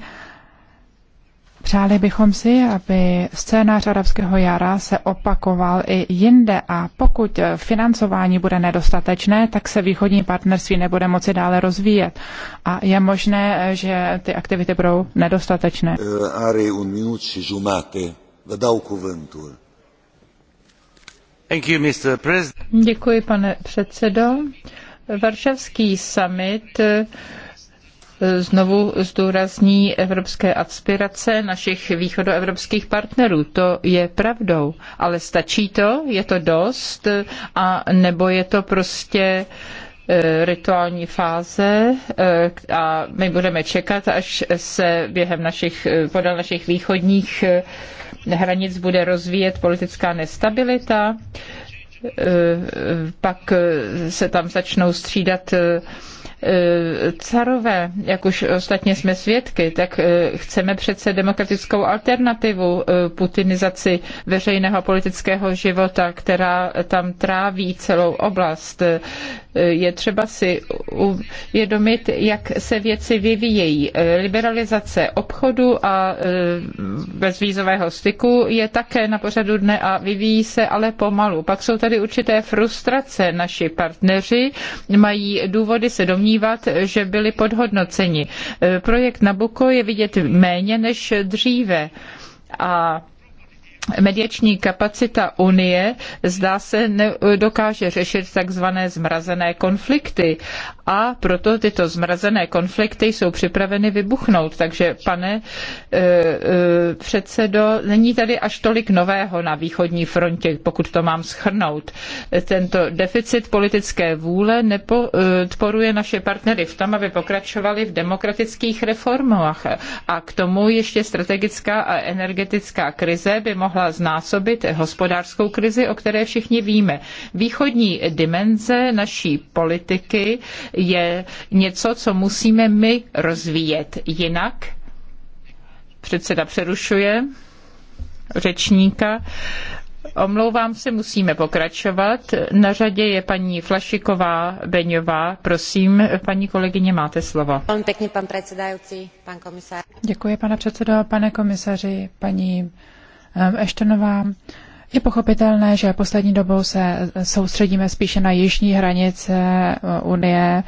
Přáli bychom si, aby scénář arabského jara se opakoval i jinde a pokud financování bude nedostatečné, tak se východní partnerství nebude moci dále rozvíjet a je možné, že ty aktivity budou nedostatečné. Thank you, Mr. President. Děkuji, pane předsedo. Varšavský summit znovu zdůrazní evropské aspirace našich východoevropských partnerů. To je pravdou, ale stačí to? Je to dost? A nebo je to prostě eh, rituální fáze eh, a my budeme čekat, až se během našich, eh, podle našich východních hranic bude rozvíjet politická nestabilita, pak se tam začnou střídat carové, jak už ostatně jsme svědky, tak eh, chceme přece demokratickou alternativu eh, putinizaci veřejného politického života, která tam tráví celou oblast. Eh, je třeba si uvědomit, jak se věci vyvíjejí. Liberalizace obchodu a bezvízového styku je také na pořadu dne a vyvíjí se ale pomalu. Pak jsou tady určité frustrace. Naši partneři mají důvody se domnívat, domnívat, že byli podhodnoceni. Eh, projekt Nabuko je vidět méně než dříve a mediační kapacita Unie zdá se dokáže řešit takzvané zmrazené konflikty a proto tyto zmrazené konflikty jsou připraveny vybuchnout. Takže, pane e, e, předsedo, není tady až tolik nového na východní frontě, pokud to mám schrnout. Tento deficit politické vůle nepodporuje naše partnery v tom, aby pokračovali v demokratických reformách. A k tomu ještě strategická a energetická krize by mohla mohla znásobit hospodářskou krizi, o které všichni víme. Východní dimenze naší politiky je něco, co musíme my rozvíjet. Jinak předseda přerušuje řečníka. Omlouvám se, musíme pokračovat. Na řadě je paní Flašiková Beňová. Prosím, paní kolegyně, máte slovo. Pěkně, pan předsedající, pan komisář. Děkuji, pane předsedo, pane komisaři, paní Ehm, Eštonová, je pochopitelné, že poslední dobou se soustředíme spíše na jižní hranice eh, Unie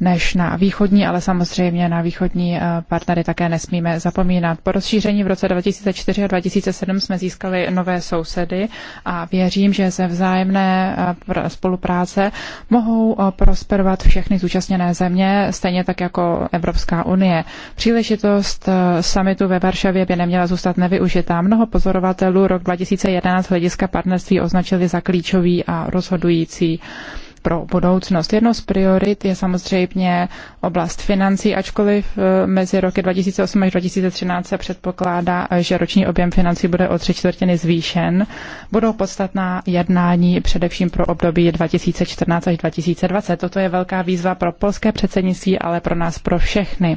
než na východní, ale samozřejmě na východní eh, partnery také nesmíme zapomínat. Po rozšíření v roce 2004 a 2007 jsme získali nové sousedy a věřím, že ze vzájemné eh, spolupráce mohou eh, prosperovat všechny zúčastněné země, stejně tak jako Evropská unie. Příležitost samitu ve Varšavě by neměla zůstat nevyužitá. Mnoho pozorovatelů rok 2011 hlediska partnerství označili za klíčový a rozhodující pro budoucnost. Jednou z priorit je samozřejmě oblast financí, ačkoliv eh, mezi roky 2008 až 2013 se předpokládá, eh, že roční objem financí bude o tři čtvrtiny zvýšen. Budou podstatná jednání především pro období 2014 až 2020. Toto je velká výzva pro polské předsednictví, ale pro nás pro všechny.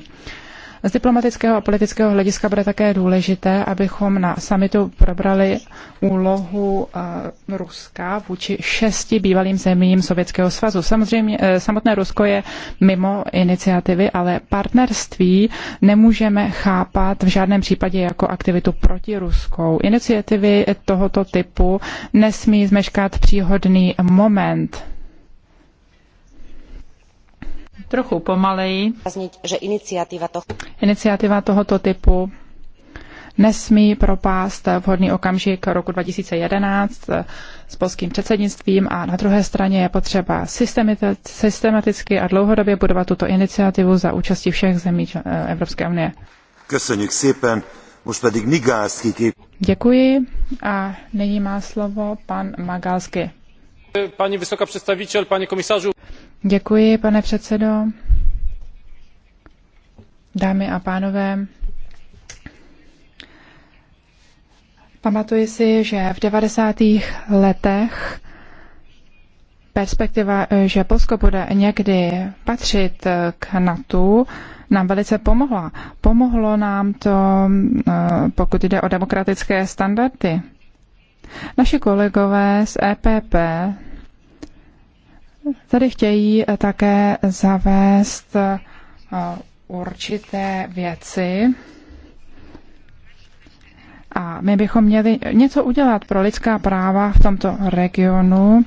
Z diplomatického a politického hlediska bude také důležité, abychom na samitu probrali úlohu eh, Ruska vůči šesti bývalým zemím Sovětského svazu. Samozřejmě eh, samotné Rusko je mimo iniciativy, ale partnerství nemůžeme chápat v žádném případě jako aktivitu proti Ruskou. Iniciativy tohoto typu nesmí zmeškat příhodný moment trochu pomaleji. Že iniciativa, to... iniciativa tohoto typu nesmí propást vhodný okamžik roku 2011 s polským předsednictvím a na druhé straně je potřeba systematicky a dlouhodobě budovat tuto iniciativu za účasti všech zemí Evropské unie. Děkuji a nyní má slovo pan Magalsky. Pani vysoká představitel, pane komisařu. Děkuji, pane předsedo. Dámy a pánové, pamatuji si, že v 90. letech perspektiva, že Polsko bude někdy patřit k NATO, nám velice pomohla. Pomohlo nám to, eh, pokud jde o demokratické standardy. Naši kolegové z EPP tady chtějí eh, také zavést eh, určité věci, a my bychom měli něco udělat pro lidská práva v tomto regionu.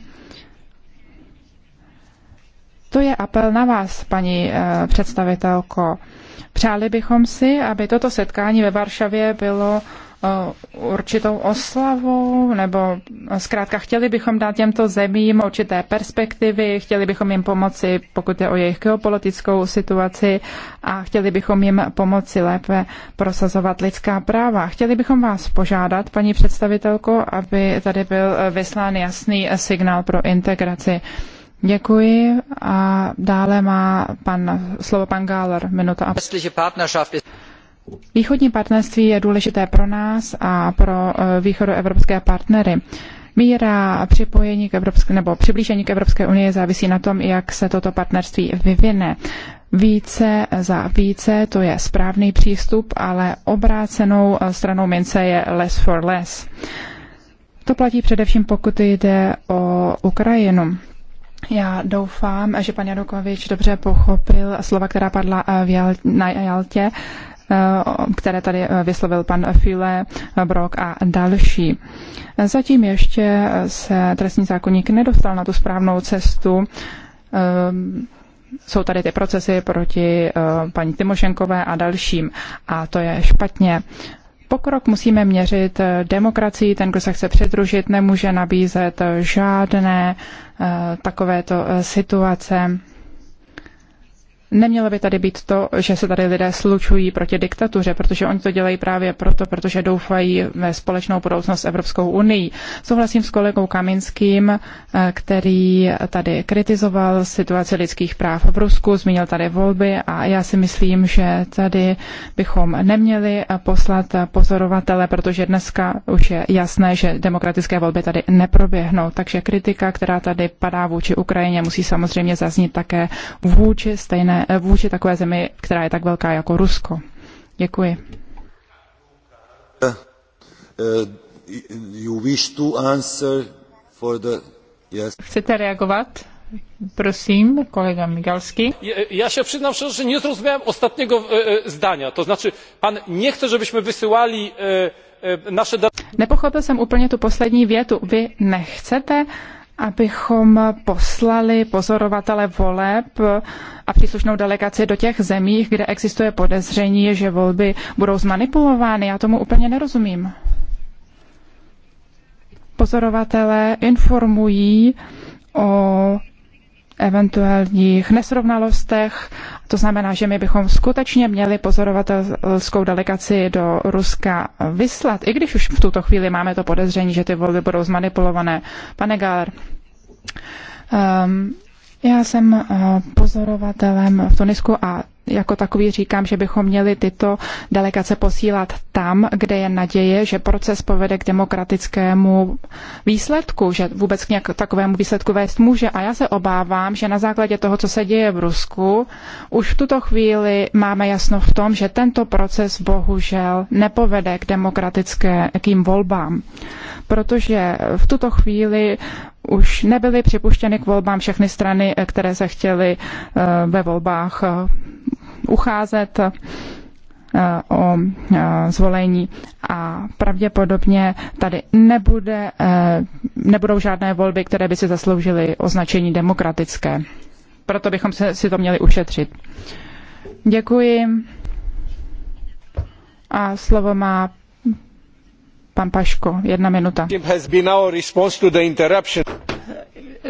To je apel na vás, paní eh, představitelko. Přáli bychom si, aby toto setkání ve Varšavě bylo Eh, určitou oslavu nebo zkrátka chtěli bychom dát těmto zemím určité perspektivy, chtěli bychom jim pomoci, pokud je o jejich geopolitickou situaci a chtěli bychom jim pomoci lépe prosazovat lidská práva. Chtěli bychom vás požádat, paní představitelko, aby tady byl vyslán jasný signál pro integraci. Děkuji a dále má pan, slovo pan Gáler, minuta a Východní partnerství je důležité pro nás a pro eh, východoevropské partnery. Míra připojení k Evropské, nebo přiblížení k Evropské unii závisí na tom, jak se toto partnerství vyvine. Více za více, to je správný přístup, ale obrácenou eh, stranou mince je less for less. To platí především, pokud jde o Ukrajinu. Já doufám, že pan Janukovič dobře pochopil slova, která padla eh, v Jal- na Jaltě, Eh, které tady eh, vyslovil pan File, eh, Brok a další. Zatím ještě se trestní zákonník nedostal na tu správnou cestu. Jsou tady ty procesy proti paní Timošenkové a dalším a to je špatně. Pokrok musíme měřit demokracii. Ten, kdo se chce předružit, nemůže nabízet žádné takovéto situace. Nemělo by tady být to, že se tady lidé slučují proti diktatuře, protože oni to dělají právě proto, protože doufají ve společnou budoucnost s Evropskou unii. Souhlasím s kolegou Kaminským, eh, který tady kritizoval situaci lidských práv v Rusku, zmínil tady volby a já si myslím, že tady bychom neměli poslat pozorovatele, protože dneska už je jasné, že demokratické volby tady neproběhnou. Takže kritika, která tady padá vůči Ukrajině, musí samozřejmě zaznít také vůči stejné vůči takové zemi, která je tak velká jako Rusko. Děkuji. Uh, uh, Chcete reagovat? Prosím, kolega Migalski. Já se přiznám, že nie zrozumiałem ostatniego e, e, zdania. To znaczy, pan nie chce, żebyśmy wysyłali naše. E, nasze... Nepochopil jsem úplně tu poslední větu. Vy nechcete, abychom poslali pozorovatele voleb a příslušnou delegaci do těch zemí, kde existuje podezření, že volby budou zmanipulovány. Já tomu úplně nerozumím. Pozorovatelé informují o eventuálních nesrovnalostech. To znamená, že my bychom skutečně měli pozorovatelskou delegaci do Ruska vyslat, i když už v tuto chvíli máme to podezření, že ty volby budou zmanipulované. Pane Galer, um, ehm, já jsem eh, pozorovatelem v Tunisku a jako takový říkám, že bychom měli tyto delegace posílat tam, kde je naděje, že proces povede k demokratickému výsledku, že vůbec k nějak takovému výsledku vést může. A já se obávám, že na základě toho, co se děje v Rusku, už v tuto chvíli máme jasno v tom, že tento proces bohužel nepovede k demokratickým volbám. Protože v tuto chvíli už nebyly připuštěny k volbám všechny strany, eh, které se chtěly eh, ve volbách eh, ucházet o zvolení a pravděpodobně tady nebude, nebudou žádné volby, které by si zasloužily označení demokratické. Proto bychom se, si to měli ušetřit. Děkuji. A slovo má Pan Paško, jedna minuta.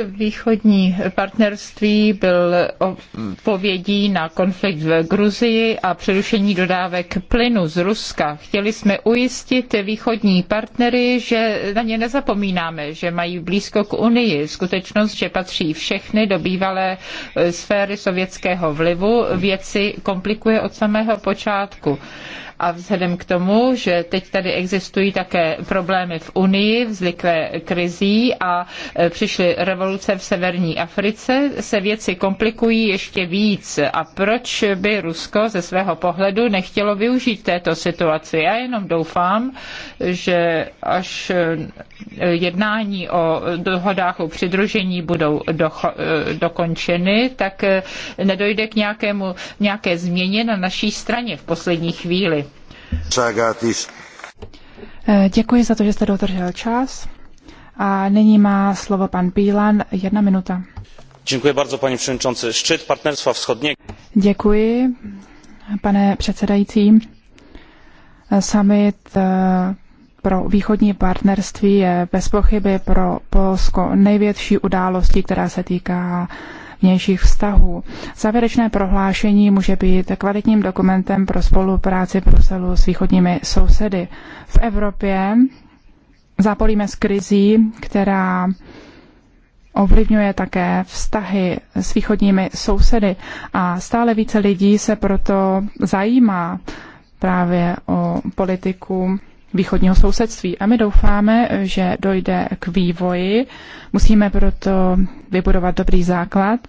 Východní partnerství byl odpovědí na konflikt v Gruzii a přerušení dodávek plynu z Ruska. Chtěli jsme ujistit východní partnery, že na ně nezapomínáme, že mají blízko k Unii. Skutečnost, že patří všechny do bývalé eh, sféry sovětského vlivu, věci komplikuje od samého počátku. A vzhledem k tomu, že teď tady existují také problémy v Unii, vzniklé krizí a e, přišly revoluce v severní Africe, se věci komplikují ještě víc. A proč by Rusko ze svého pohledu nechtělo využít této situaci? Já jenom doufám, že až e, jednání o dohodách o přidružení budou docho, e, dokončeny, tak nedojde k nějakému, nějaké změně na naší straně v poslední chvíli. Eh, děkuji za to, že jste dodržel čas. A nyní má slovo pan Pilan jedna minuta. Děkuji bardzo, paní předsedající. Ščit partnerstva wschodniego. Děkuji, pane předsedající. Eh, summit eh, pro východní partnerství je bez pochyby pro Polsko největší událostí, která se týká vnějších vztahů. Závěrečné prohlášení může být kvalitním dokumentem pro spolupráci Bruselu s východními sousedy. V Evropě zápolíme s krizí, která ovlivňuje také vztahy s východními sousedy a stále více lidí se proto zajímá právě o politiku východního sousedství. A my doufáme, že dojde k vývoji. Musíme proto vybudovat dobrý základ.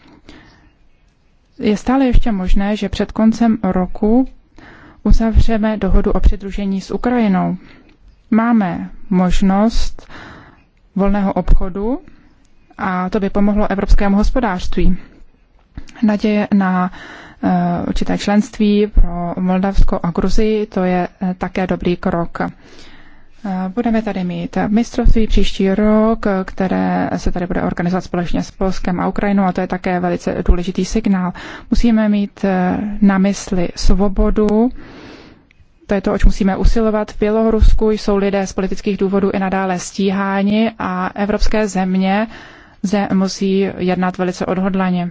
Je stále ještě možné, že před koncem roku uzavřeme dohodu o přidružení s Ukrajinou. Máme možnost volného obchodu a to by pomohlo evropskému hospodářství. Naděje na Eh, určité členství pro Moldavsko a Gruzii, to je eh, také dobrý krok. Eh, budeme tady mít mistrovství příští rok, které se tady bude organizovat společně s Polskem a Ukrajinou a to je také velice důležitý signál. Musíme mít na mysli svobodu, to je to, oč musíme usilovat. V Bělorusku jsou lidé z politických důvodů i nadále stíháni a evropské země zde musí jednat velice odhodlaně.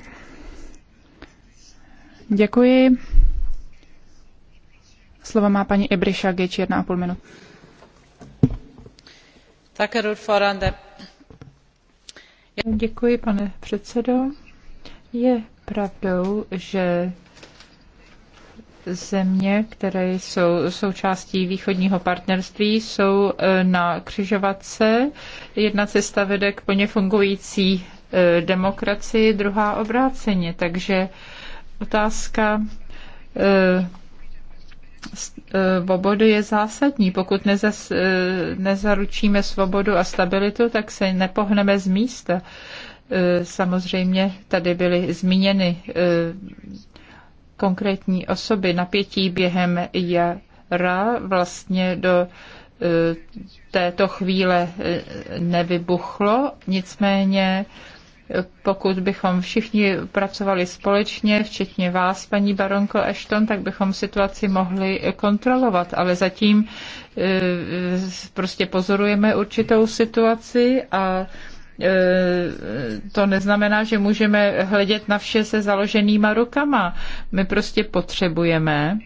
Děkuji. Slovo má paní Ibriša Geč, 1,5 minut. Děkuji, pane předsedo. Je pravdou, že země, které jsou součástí východního partnerství, jsou e, na křižovatce. Jedna cesta vede k plně fungující e, demokracii, druhá obráceně. Takže Otázka eh, eh, svobody je zásadní. Pokud nezas, eh, nezaručíme svobodu a stabilitu, tak se nepohneme z místa. Samozřejmě tady byly zmíněny konkrétní osoby napětí během jara vlastně do této chvíle nevybuchlo, nicméně pokud bychom všichni pracovali společně, včetně vás, paní baronko Ashton, tak bychom situaci mohli kontrolovat, ale zatím eh, prostě pozorujeme určitou situaci a eh, to neznamená, že můžeme hledět na vše se založenýma rukama. My prostě potřebujeme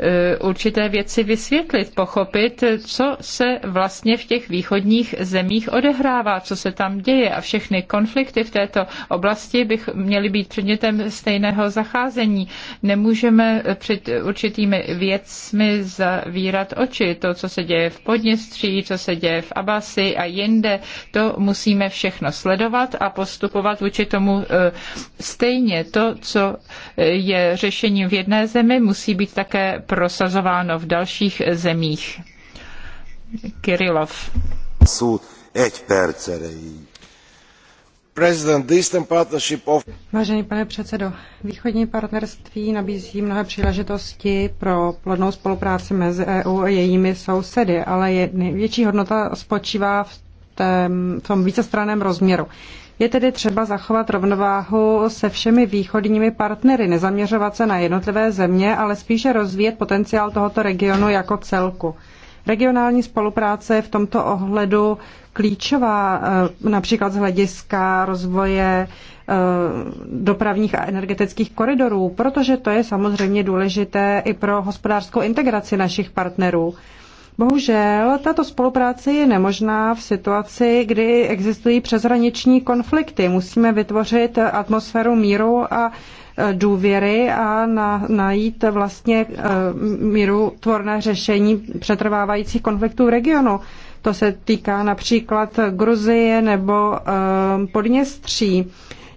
E, určité věci vysvětlit, pochopit, co se vlastně v těch východních zemích odehrává, co se tam děje a všechny konflikty v této oblasti bych měly být předmětem stejného zacházení. Nemůžeme před určitými věcmi zavírat oči. To, co se děje v Podněstří, co se děje v Abasi a jinde, to musíme všechno sledovat a postupovat vůči tomu e, stejně. To, co je řešením v jedné zemi, musí být také prosazováno v dalších zemích. Kirilov. Vážený pane předsedo, východní partnerství nabízí mnohé příležitosti pro plodnou spolupráci mezi EU a jejími sousedy, ale je, největší hodnota spočívá v, tém, v tom vícestranném rozměru. Je tedy třeba zachovat rovnováhu se všemi východními partnery, nezaměřovat se na jednotlivé země, ale spíše rozvíjet potenciál tohoto regionu jako celku. Regionální spolupráce je v tomto ohledu klíčová, eh, například z hlediska rozvoje eh, dopravních a energetických koridorů, protože to je samozřejmě důležité i pro hospodářskou integraci našich partnerů. Bohužel tato spolupráce je nemožná v situaci, kdy existují přeshraniční konflikty. Musíme vytvořit atmosféru míru a e, důvěry a na, najít vlastně e, míru tvorné řešení přetrvávajících konfliktů v regionu. To se týká například Gruzie nebo e, Podněstří.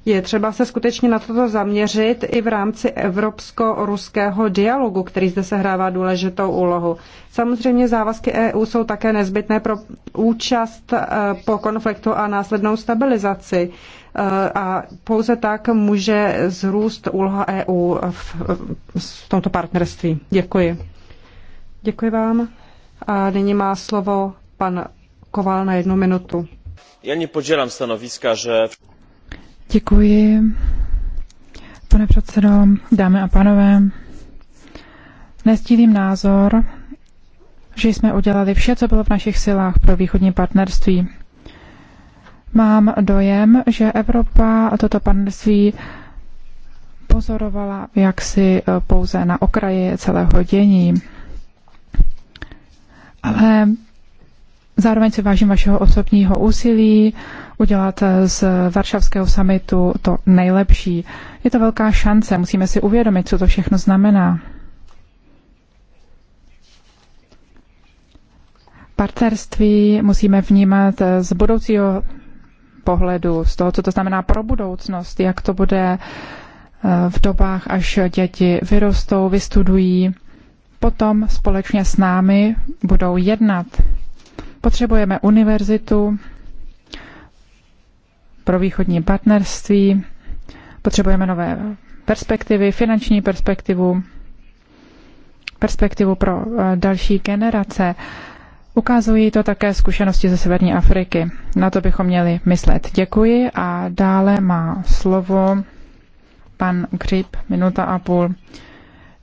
Je třeba se skutečně na toto zaměřit i v rámci evropsko-ruského dialogu, který zde sehrává důležitou úlohu. Samozřejmě závazky EU jsou také nezbytné pro účast eh, po konfliktu a následnou stabilizaci. Eh, a pouze tak může zrůst úloha EU v, v tomto partnerství. Děkuji. Děkuji vám. A nyní má slovo pan Koval na jednu minutu. Já nepodělám stanoviska, že... Děkuji, pane předsedo, dámy a pánové. Nestílím názor, že jsme udělali vše, co bylo v našich silách pro východní partnerství. Mám dojem, že Evropa toto partnerství pozorovala jaksi eh, pouze na okraji celého dění. Ale Zároveň si vážím vašeho osobního úsilí udělat z Varšavského samitu to nejlepší. Je to velká šance, musíme si uvědomit, co to všechno znamená. Partnerství musíme vnímat z budoucího pohledu, z toho, co to znamená pro budoucnost, jak to bude eh, v dobách, až děti vyrostou, vystudují, potom společně s námi budou jednat. Potřebujeme univerzitu pro východní partnerství, potřebujeme nové perspektivy, finanční perspektivu, perspektivu pro eh, další generace. Ukazují to také zkušenosti ze Severní Afriky. Na to bychom měli myslet. Děkuji a dále má slovo pan Křip, minuta a půl.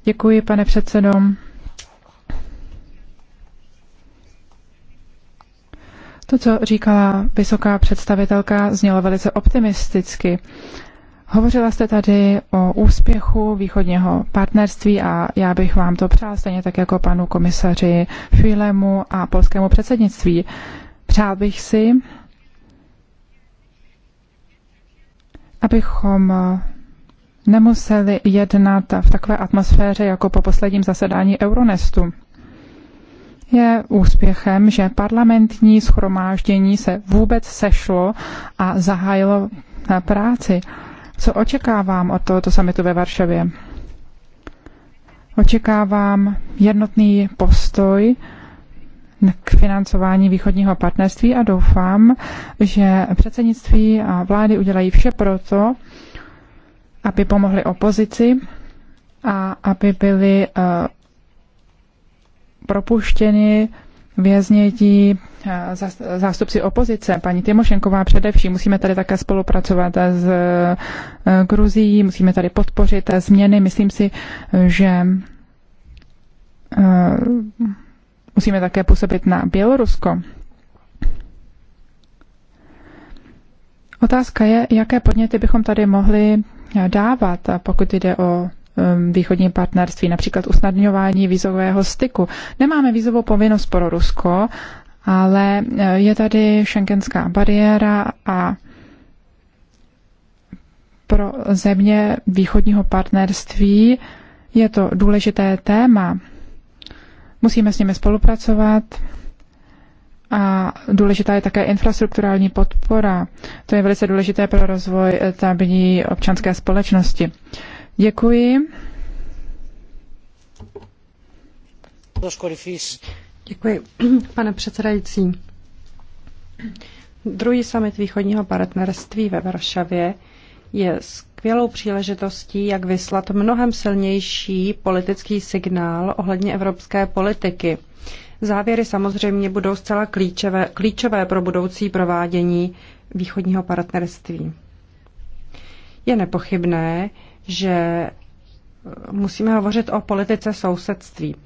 Děkuji, pane předsedom. To, co říkala vysoká představitelka, znělo velice optimisticky. Hovořila jste tady o úspěchu východního partnerství a já bych vám to přál, stejně tak jako panu komisaři Filemu a polskému předsednictví. Přál bych si, abychom nemuseli jednat v takové atmosféře jako po posledním zasedání Euronestu je úspěchem, že parlamentní schromáždění se vůbec sešlo a zahájilo eh, práci. Co očekávám od tohoto samitu ve Varšavě? Očekávám jednotný postoj k financování východního partnerství a doufám, že předsednictví a vlády udělají vše proto, aby pomohli opozici a aby byli eh, propuštěni věznětí eh, zástupci opozice, paní Timošenková především. Musíme tady také spolupracovat s eh, Gruzií, musíme tady podpořit změny. Myslím si, že eh, musíme také působit na Bělorusko. Otázka je, jaké podněty bychom tady mohli dávat, pokud jde o Um, východní partnerství, například usnadňování vízového styku. Nemáme vízovou povinnost pro Rusko, ale eh, je tady šengenská bariéra a pro země východního partnerství je to důležité téma. Musíme s nimi spolupracovat a důležitá je také infrastrukturální podpora. To je velice důležité pro rozvoj eh, tamní občanské společnosti. Děkuji. Děkuji, pane předsedající. Druhý summit východního partnerství ve Varšavě je skvělou příležitostí, jak vyslat mnohem silnější politický signál ohledně evropské politiky. Závěry samozřejmě budou zcela klíčové, klíčové pro budoucí provádění východního partnerství. Je nepochybné, že musíme hovořit o politice sousedství.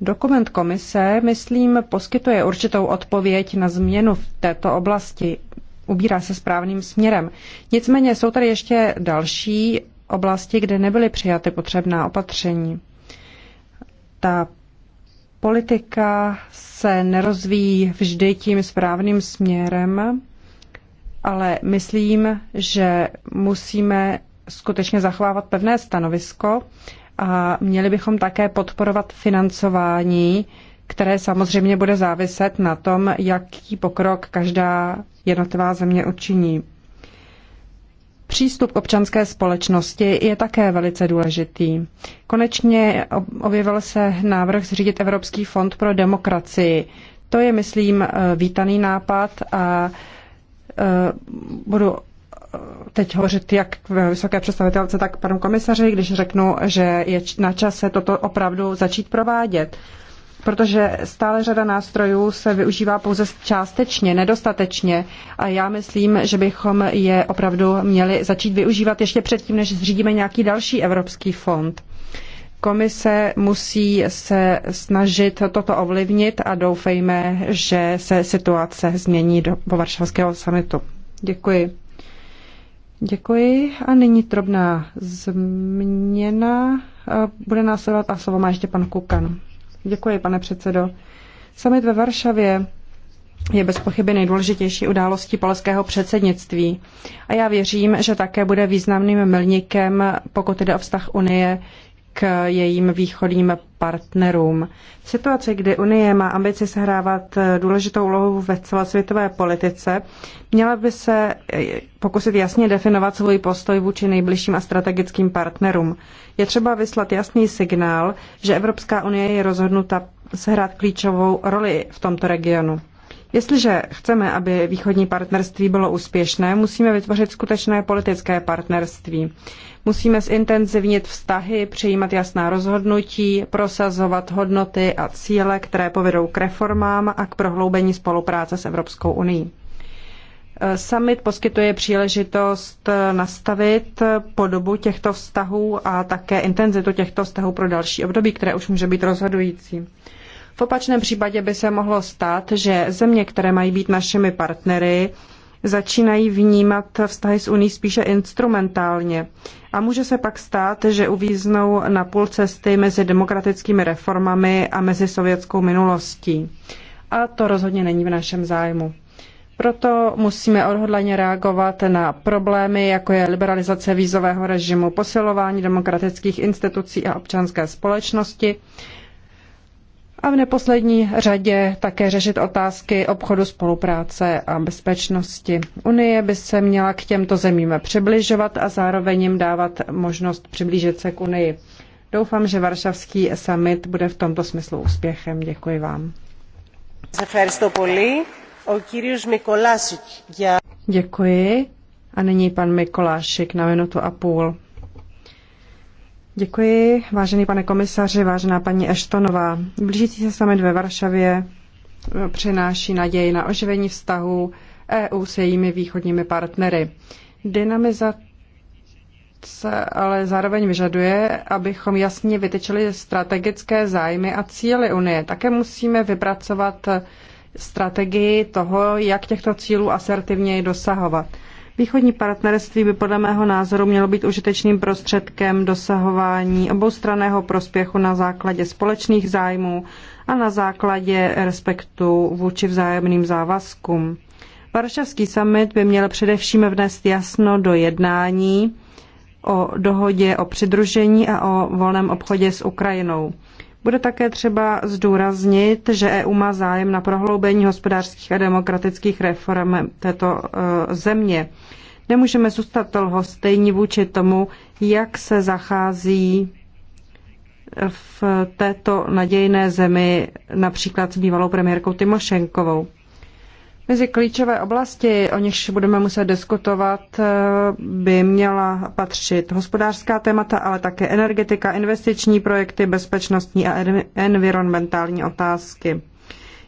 Dokument komise, myslím, poskytuje určitou odpověď na změnu v této oblasti. Ubírá se správným směrem. Nicméně jsou tady ještě další oblasti, kde nebyly přijaty potřebná opatření. Ta politika se nerozvíjí vždy tím správným směrem, ale myslím, že musíme skutečně zachovávat pevné stanovisko a měli bychom také podporovat financování, které samozřejmě bude záviset na tom, jaký pokrok každá jednotlivá země učiní. Přístup k občanské společnosti je také velice důležitý. Konečně objevil se návrh zřídit Evropský fond pro demokracii. To je, myslím, vítaný nápad a e, budu teď hovořit jak k vysoké představitelce, tak k panu komisaři, když řeknu, že je na čase toto opravdu začít provádět. Protože stále řada nástrojů se využívá pouze částečně, nedostatečně a já myslím, že bychom je opravdu měli začít využívat ještě předtím, než zřídíme nějaký další evropský fond komise musí se snažit toto ovlivnit a doufejme, že se situace změní do, po varšavského samitu. Děkuji. Děkuji. A nyní drobná změna. Bude následovat a slovo má ještě pan Kukan. Děkuji, pane předsedo. Summit ve Varšavě je bez pochyby nejdůležitější událostí polského předsednictví. A já věřím, že také bude významným milníkem, pokud jde o vztah Unie k jejím východním partnerům. V situaci, kdy Unie má ambici sehrávat důležitou úlohu ve celosvětové politice, měla by se eh, pokusit jasně definovat svůj postoj vůči nejbližším a strategickým partnerům. Je třeba vyslat jasný signál, že Evropská unie je rozhodnuta sehrát klíčovou roli v tomto regionu. Jestliže chceme, aby východní partnerství bylo úspěšné, musíme vytvořit skutečné politické partnerství. Musíme zintenzivnit vztahy, přijímat jasná rozhodnutí, prosazovat hodnoty a cíle, které povedou k reformám a k prohloubení spolupráce s Evropskou unii. Summit poskytuje příležitost nastavit podobu těchto vztahů a také intenzitu těchto vztahů pro další období, které už může být rozhodující. V opačném případě by se mohlo stát, že země, které mají být našimi partnery, začínají vnímat vztahy s Uní spíše instrumentálně. A může se pak stát, že uvíznou na půl cesty mezi demokratickými reformami a mezi sovětskou minulostí. A to rozhodně není v našem zájmu. Proto musíme odhodlaně reagovat na problémy, jako je liberalizace vízového režimu, posilování demokratických institucí a občanské společnosti, a v neposlední řadě také řešit otázky obchodu, spolupráce a bezpečnosti. Unie by se měla k těmto zemím přibližovat a zároveň jim dávat možnost přiblížit se k Unii. Doufám, že Varšavský summit bude v tomto smyslu úspěchem. Děkuji vám. Děkuji. A nyní pan Mikolášik na minutu a půl. Děkuji, vážený pane komisaři, vážená paní Eštonová. Blížící se summit ve Varšavě eh, přináší naději na oživení vztahů EU s jejími východními partnery. Dynamizace ale zároveň vyžaduje, abychom jasně vytyčili strategické zájmy a cíly Unie. Také musíme vypracovat strategii toho, jak těchto cílů asertivněji dosahovat. Východní partnerství by podle mého názoru mělo být užitečným prostředkem dosahování oboustraného prospěchu na základě společných zájmů a na základě respektu vůči vzájemným závazkům. Varšavský summit by měl především vnést jasno do jednání o dohodě o přidružení a o volném obchodě s Ukrajinou. Bude také třeba zdůraznit, že EU má zájem na prohloubení hospodářských a demokratických reform této e, země. Nemůžeme zůstat lhostejní vůči tomu, jak se zachází v této nadějné zemi například s bývalou premiérkou Timošenkovou. Mezi klíčové oblasti, o nichž budeme muset diskutovat, eh, by měla patřit hospodářská témata, ale také energetika, investiční projekty, bezpečnostní a environmentální otázky.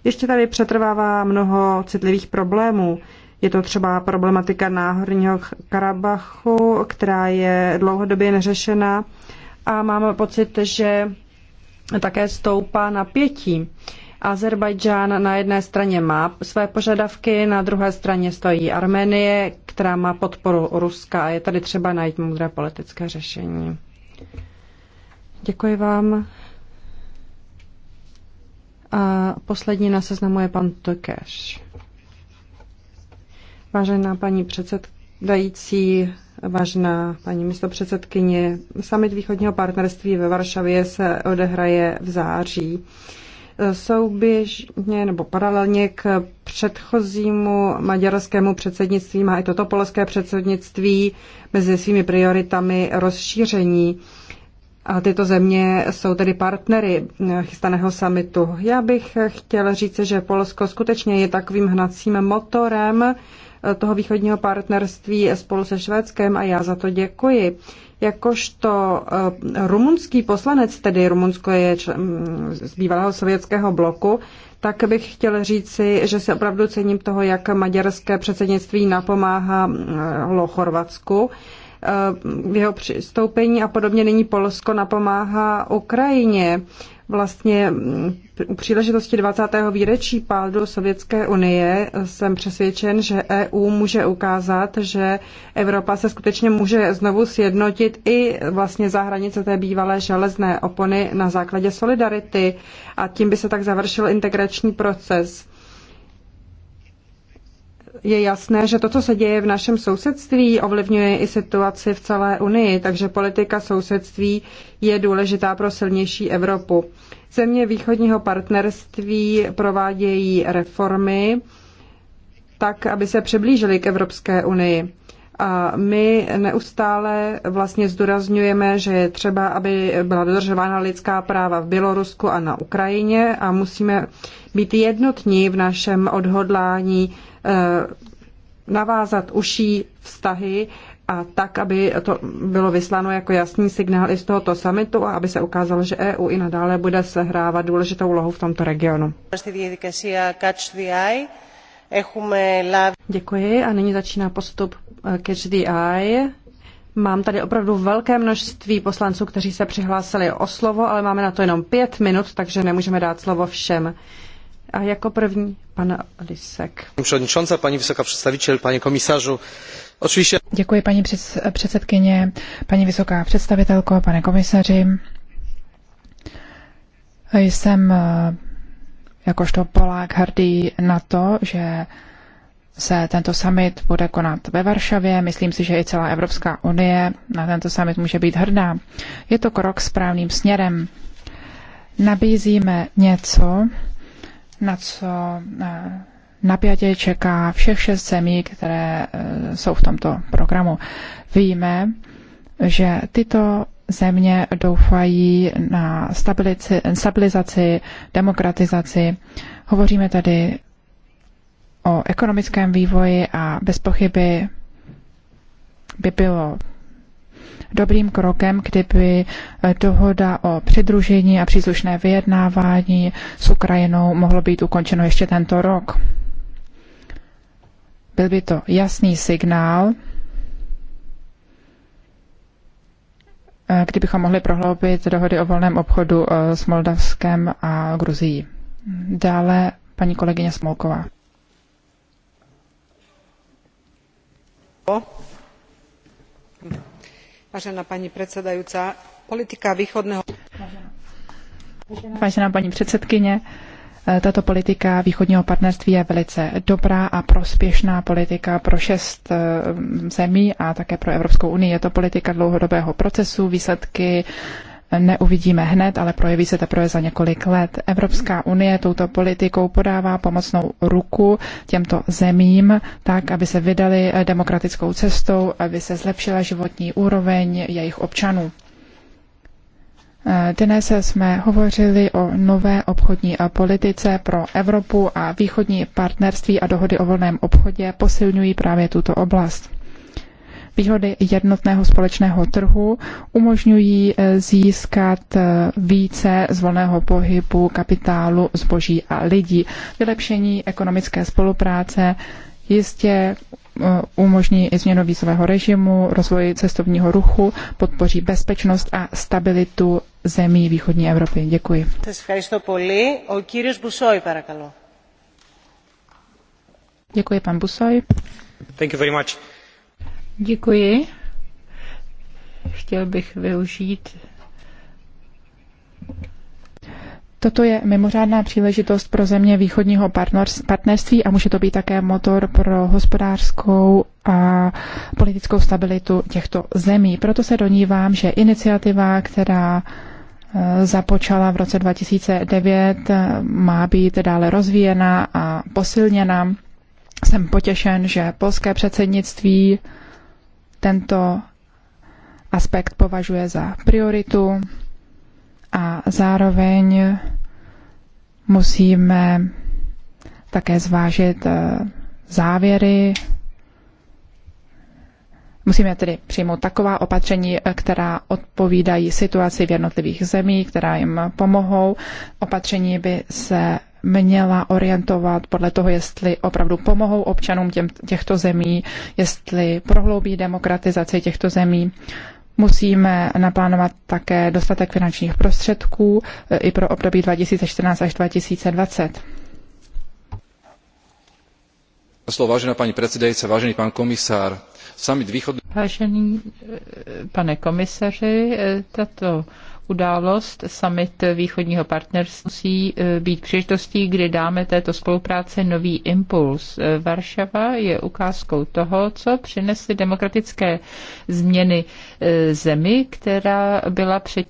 Ještě tady přetrvává mnoho citlivých problémů. Je to třeba problematika Náhorního Karabachu, která je dlouhodobě neřešena a máme pocit, že také stoupá napětí. Azerbajdžán na jedné straně má své požadavky, na druhé straně stojí Arménie, která má podporu Ruska a je tady třeba najít moudré politické řešení. Děkuji vám. A poslední na seznamu je pan Tokeš. Vážená paní předsedající, vážená paní místopředsedkyně, summit východního partnerství ve Varšavě se odehraje v září souběžně nebo paralelně k předchozímu maďarskému předsednictví má i toto polské předsednictví mezi svými prioritami rozšíření. A tyto země jsou tedy partnery chystaného samitu. Já bych chtěla říct, že Polsko skutečně je takovým hnacím motorem toho východního partnerství spolu se Švédskem a já za to děkuji. Jakožto eh, rumunský poslanec, tedy Rumunsko je z bývalého sovětského bloku, tak bych chtěl říci, že se opravdu cením toho, jak maďarské předsednictví napomáhá eh, Chorvatsku eh, v jeho přistoupení a podobně nyní Polsko napomáhá Ukrajině. Vlastně mm, u příležitosti 20. výročí pádu Sovětské unie jsem přesvědčen, že EU může ukázat, že Evropa se skutečně může znovu sjednotit i vlastně za hranice té bývalé železné opony na základě solidarity a tím by se tak završil integrační proces je jasné, že to, co se děje v našem sousedství, ovlivňuje i situaci v celé Unii, takže politika sousedství je důležitá pro silnější Evropu. Země východního partnerství provádějí reformy tak, aby se přiblížily k Evropské unii. A my neustále vlastně zdůrazňujeme, že je třeba, aby byla dodržována lidská práva v Bělorusku a na Ukrajině a musíme být jednotní v našem odhodlání eh, navázat uší vztahy a tak, aby to bylo vysláno jako jasný signál i z tohoto samitu a aby se ukázalo, že EU i nadále bude sehrávat důležitou úlohu v tomto regionu. Děkuji a nyní začíná postup Catch Eye. Mám tady opravdu velké množství poslanců, kteří se přihlásili o slovo, ale máme na to jenom pět minut, takže nemůžeme dát slovo všem. A jako první pan Lisek. Předničonca, paní vysoká představitel, paní komisařu, Děkuji paní předsedkyně, paní vysoká představitelko, pane komisaři. Jsem eh, jakožto Polák hrdý na to, že se tento summit bude konat ve Varšavě. Myslím si, že i celá Evropská unie na tento summit může být hrdá. Je to krok správným směrem. Nabízíme něco, na co eh, napjatě čeká všech šest zemí, které eh, jsou v tomto programu. Víme, že tyto země doufají na stabilizaci, demokratizaci. Hovoříme tady o ekonomickém vývoji a bez pochyby by bylo dobrým krokem, kdyby eh, dohoda o přidružení a příslušné vyjednávání s Ukrajinou mohlo být ukončeno ještě tento rok. Byl by to jasný signál, eh, kdybychom mohli prohloubit dohody o volném obchodu eh, s Moldavskem a Gruzií. Dále paní kolegyně Smolková. politika Vážená paní předsedkyně, tato politika východního partnerství je velice dobrá a prospěšná politika pro šest eh, zemí a také pro Evropskou unii. Je to politika dlouhodobého procesu, výsledky neuvidíme hned, ale projeví se teprve za několik let. Evropská unie touto politikou podává pomocnou ruku těmto zemím, tak, aby se vydali eh, demokratickou cestou, aby se zlepšila životní úroveň jejich občanů. Eh, dnes jsme hovořili o nové obchodní eh, politice pro Evropu a východní partnerství a dohody o volném obchodě posilňují právě tuto oblast. Výhody jednotného společného trhu umožňují eh, získat eh, více z volného pohybu kapitálu, zboží a lidí. Vylepšení ekonomické spolupráce jistě eh, umožní i změnu vízového režimu, rozvoj cestovního ruchu, podpoří bezpečnost a stabilitu zemí východní Evropy. Děkuji. Děkuji, pan Busoj. Thank you very much. Děkuji. Chtěl bych využít. Toto je mimořádná příležitost pro země východního partnerství a může to být také motor pro hospodářskou a politickou stabilitu těchto zemí. Proto se donívám, že iniciativa, která eh, započala v roce 2009, eh, má být dále rozvíjena a posilněna. Jsem potěšen, že polské předsednictví tento aspekt považuje za prioritu a zároveň musíme také zvážit eh, závěry. Musíme tedy přijmout taková opatření, eh, která odpovídají situaci v jednotlivých zemích, která jim pomohou. Opatření by se měla orientovat podle toho, jestli opravdu pomohou občanům těm, těchto zemí, jestli prohloubí demokratizaci těchto zemí. Musíme naplánovat také dostatek finančních prostředků e, i pro období 2014 až 2020. Vážená paní předsedající, vážený pan komisár, sami východ... Vážený e, pane komisaři, e, tato událost, summit východního partnerství, musí eh, být příležitostí, kdy dáme této spolupráci nový impuls. Eh, Varšava je ukázkou toho, co přinesly demokratické změny eh, zemi, která byla před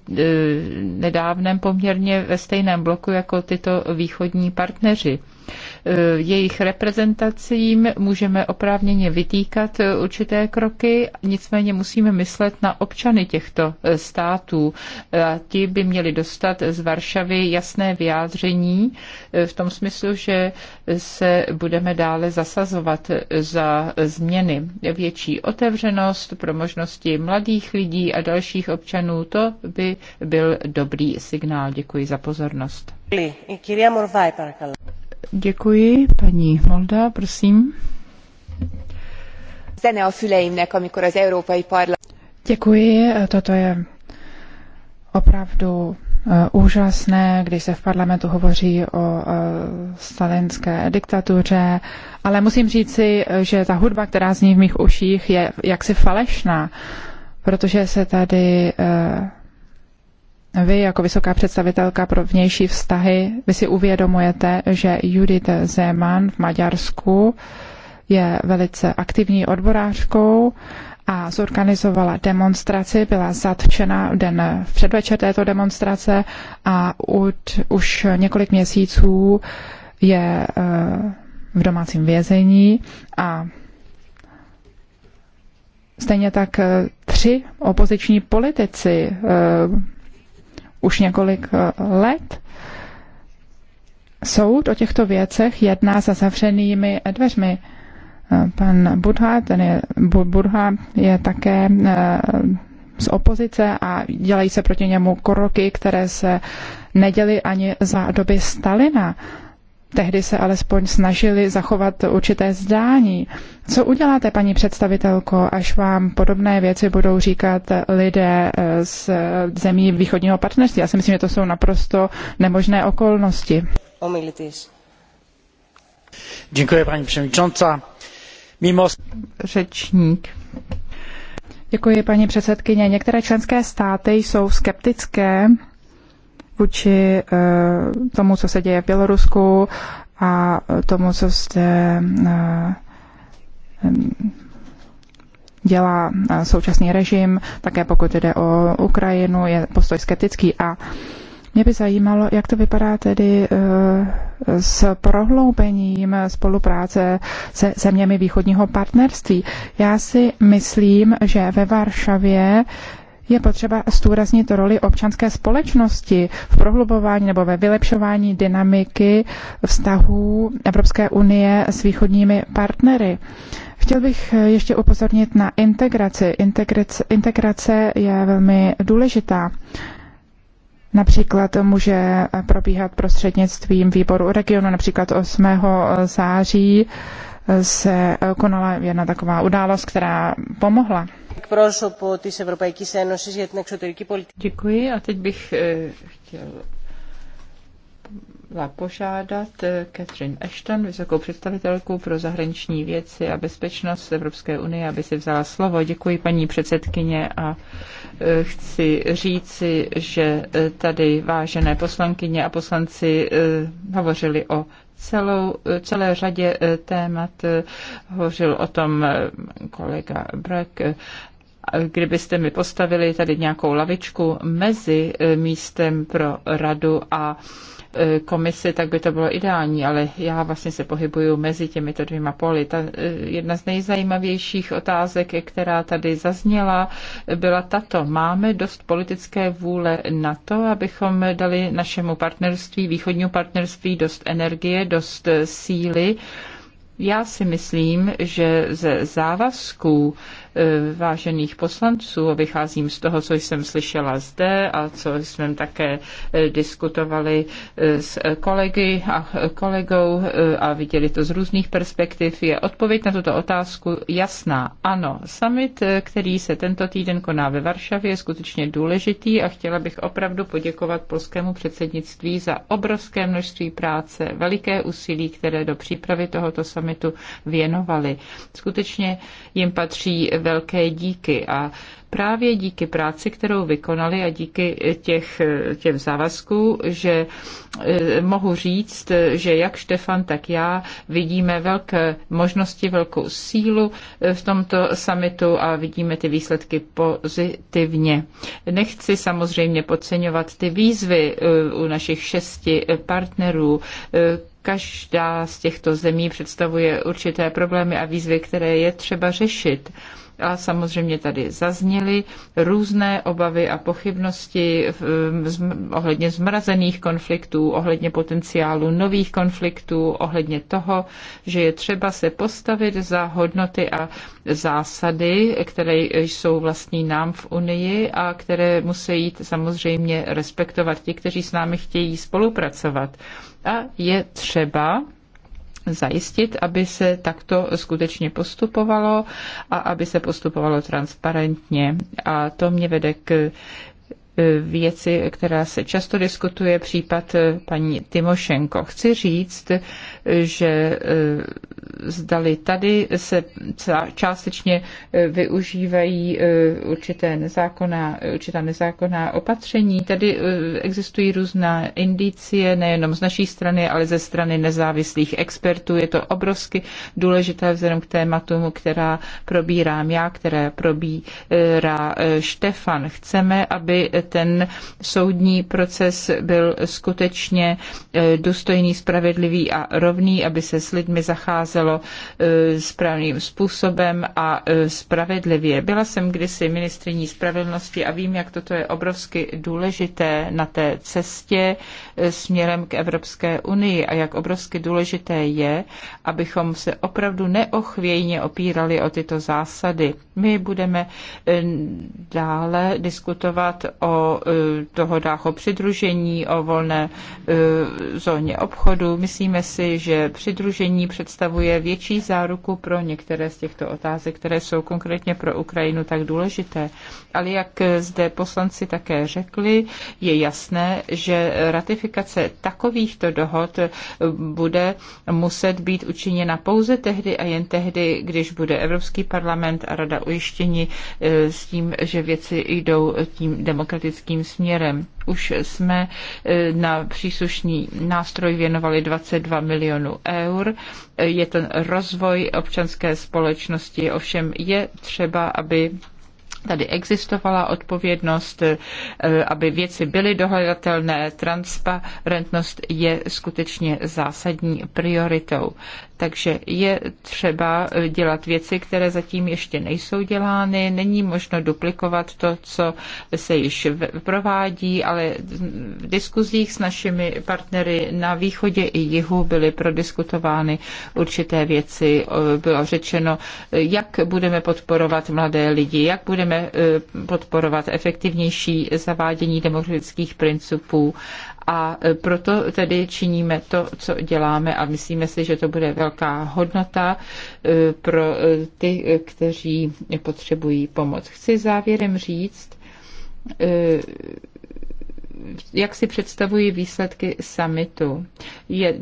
nedávnem poměrně ve stejném bloku jako tyto východní partneři. Eh, jejich reprezentacím můžeme oprávněně vytýkat eh, určité kroky, nicméně musíme myslet na občany těchto eh, států. A ti by měli dostat z Varšavy jasné vyjádření v tom smyslu, že se budeme dále zasazovat za změny. Větší otevřenost pro možnosti mladých lidí a dalších občanů, to by byl dobrý signál. Děkuji za pozornost. Děkuji, paní Molda, prosím. Zene a füleimnek, amikor az Európai Parlament... Děkuji, toto je opravdu eh, úžasné, když se v parlamentu hovoří o eh, stalinské diktatuře, ale musím říci, že ta hudba, která zní v mých uších, je jaksi falešná, protože se tady eh, vy jako vysoká představitelka pro vnější vztahy, vy si uvědomujete, že Judith Zeman v Maďarsku je velice aktivní odborářkou a zorganizovala demonstraci, byla zatčena den v předvečer této demonstrace a od, už několik měsíců je eh, v domácím vězení a stejně tak eh, tři opoziční politici eh, už několik eh, let. Soud o těchto věcech jedná za zavřenými dveřmi. Eh, pan Budha, ten je, Budha je také eh, z opozice a dělají se proti němu kroky, které se neděly ani za doby Stalina. Tehdy se alespoň snažili zachovat určité zdání. Co uděláte, paní představitelko, až vám podobné věci budou říkat lidé eh, z zemí východního partnerství? Já si myslím, že to jsou naprosto nemožné okolnosti. Děkuji, paní předsedkyně. Mimo... Řečník. Děkuji, paní předsedkyně. Některé členské státy jsou skeptické vůči eh, tomu, co se děje v Bělorusku a tomu, co zde eh, dělá eh, současný režim, také pokud jde o Ukrajinu, je postoj skeptický a mě by zajímalo, jak to vypadá tedy s prohloubením spolupráce se zeměmi východního partnerství. Já si myslím, že ve Varšavě je potřeba zdůraznit roli občanské společnosti v prohlubování nebo ve vylepšování dynamiky vztahů Evropské unie s východními partnery. Chtěl bych ještě upozornit na integraci. Integrace, integrace je velmi důležitá. Například může probíhat prostřednictvím výboru regionu, například 8. září se konala jedna taková událost, která pomohla Děkuji a teď bych eh, chtěla požádat eh, Catherine Ashton, vysokou představitelku pro zahraniční věci a bezpečnost Evropské unie, aby si vzala slovo. Děkuji paní předsedkyně a eh, chci říci, že tady vážené poslankyně a poslanci hovořili o celou, celé řadě eh, témat. Eh, hovořil o tom eh, kolega Brack. Kdybyste mi postavili tady nějakou lavičku mezi místem pro radu a Eh, komisi, tak by to bylo ideální, ale já vlastně se pohybuju mezi těmito dvěma poli. Ta, eh, jedna z nejzajímavějších otázek, která tady zazněla, byla tato. Máme dost politické vůle na to, abychom dali našemu partnerství, východnímu partnerství, dost energie, dost eh, síly. Já si myslím, že ze závazků Eh, vážených poslanců. Vycházím z toho, co jsem slyšela zde a co jsme také eh, diskutovali eh, s kolegy a kolegou a viděli to z různých perspektiv. Je odpověď na tuto otázku jasná. Ano, summit, který se tento týden koná ve Varšavě, je skutečně důležitý a chtěla bych opravdu poděkovat polskému předsednictví za obrovské množství práce, veliké úsilí, které do přípravy tohoto summitu věnovali. Skutečně jim patří velké díky a právě díky práci, kterou vykonali a díky těch, těm závazků, že eh, mohu říct, že jak Štefan, tak já vidíme velké možnosti, velkou sílu eh, v tomto samitu a vidíme ty výsledky pozitivně. Nechci samozřejmě podceňovat ty výzvy eh, u našich šesti partnerů, každá z těchto zemí představuje určité problémy a výzvy, které je třeba řešit a samozřejmě tady zazněly různé obavy a pochybnosti ohledně zmrazených konfliktů, ohledně potenciálu nových konfliktů, ohledně toho, že je třeba se postavit za hodnoty a zásady, které jsou vlastní nám v Unii a které musí jít samozřejmě respektovat ti, kteří s námi chtějí spolupracovat. A je třeba zajistit, aby se takto skutečně postupovalo a aby se postupovalo transparentně. A to mě vede k věci, která se často diskutuje, případ eh, paní Timošenko. Chci říct, eh, že eh, zdali tady se částečně využívají určité nezákonná, určitá nezákonná opatření. Tady existují různá indicie, nejenom z naší strany, ale ze strany nezávislých expertů. Je to obrovsky důležité vzhledem k tématu, která probírám já, které probírá Štefan. Chceme, aby ten soudní proces byl skutečně e, důstojný, spravedlivý a rovný, aby se s lidmi zacházelo e, správným způsobem a e, spravedlivě. Byla jsem kdysi ministriní spravedlnosti a vím, jak toto je obrovsky důležité na té cestě směrem k Evropské unii a jak obrovsky důležité je, abychom se opravdu neochvějně opírali o tyto zásady. My budeme dále diskutovat o o e, dohodách o přidružení, o volné e, zóně obchodu. Myslíme si, že přidružení představuje větší záruku pro některé z těchto otázek, které jsou konkrétně pro Ukrajinu tak důležité. Ale jak zde poslanci také řekli, je jasné, že ratifikace takovýchto dohod bude muset být učiněna pouze tehdy a jen tehdy, když bude Evropský parlament a Rada ujištěni e, s tím, že věci jdou tím demokratickým politickým směrem. Už jsme e, na příslušný nástroj věnovali 22 milionů eur. E, je ten rozvoj občanské společnosti, ovšem je třeba, aby tady existovala odpovědnost, e, aby věci byly dohledatelné, transparentnost je skutečně zásadní prioritou. Takže je třeba dělat věci, které zatím ještě nejsou dělány. Není možno duplikovat to, co se již provádí, ale v diskuzích s našimi partnery na východě i jihu byly prodiskutovány určité věci. Bylo řečeno, jak budeme podporovat mladé lidi, jak budeme eh, podporovat efektivnější zavádění demokratických principů a e, proto tedy činíme to, co děláme a myslíme si, že to bude velká hodnota e, pro e, ty, kteří potřebují pomoc. Chci závěrem říct, jak si představují výsledky summitu. Je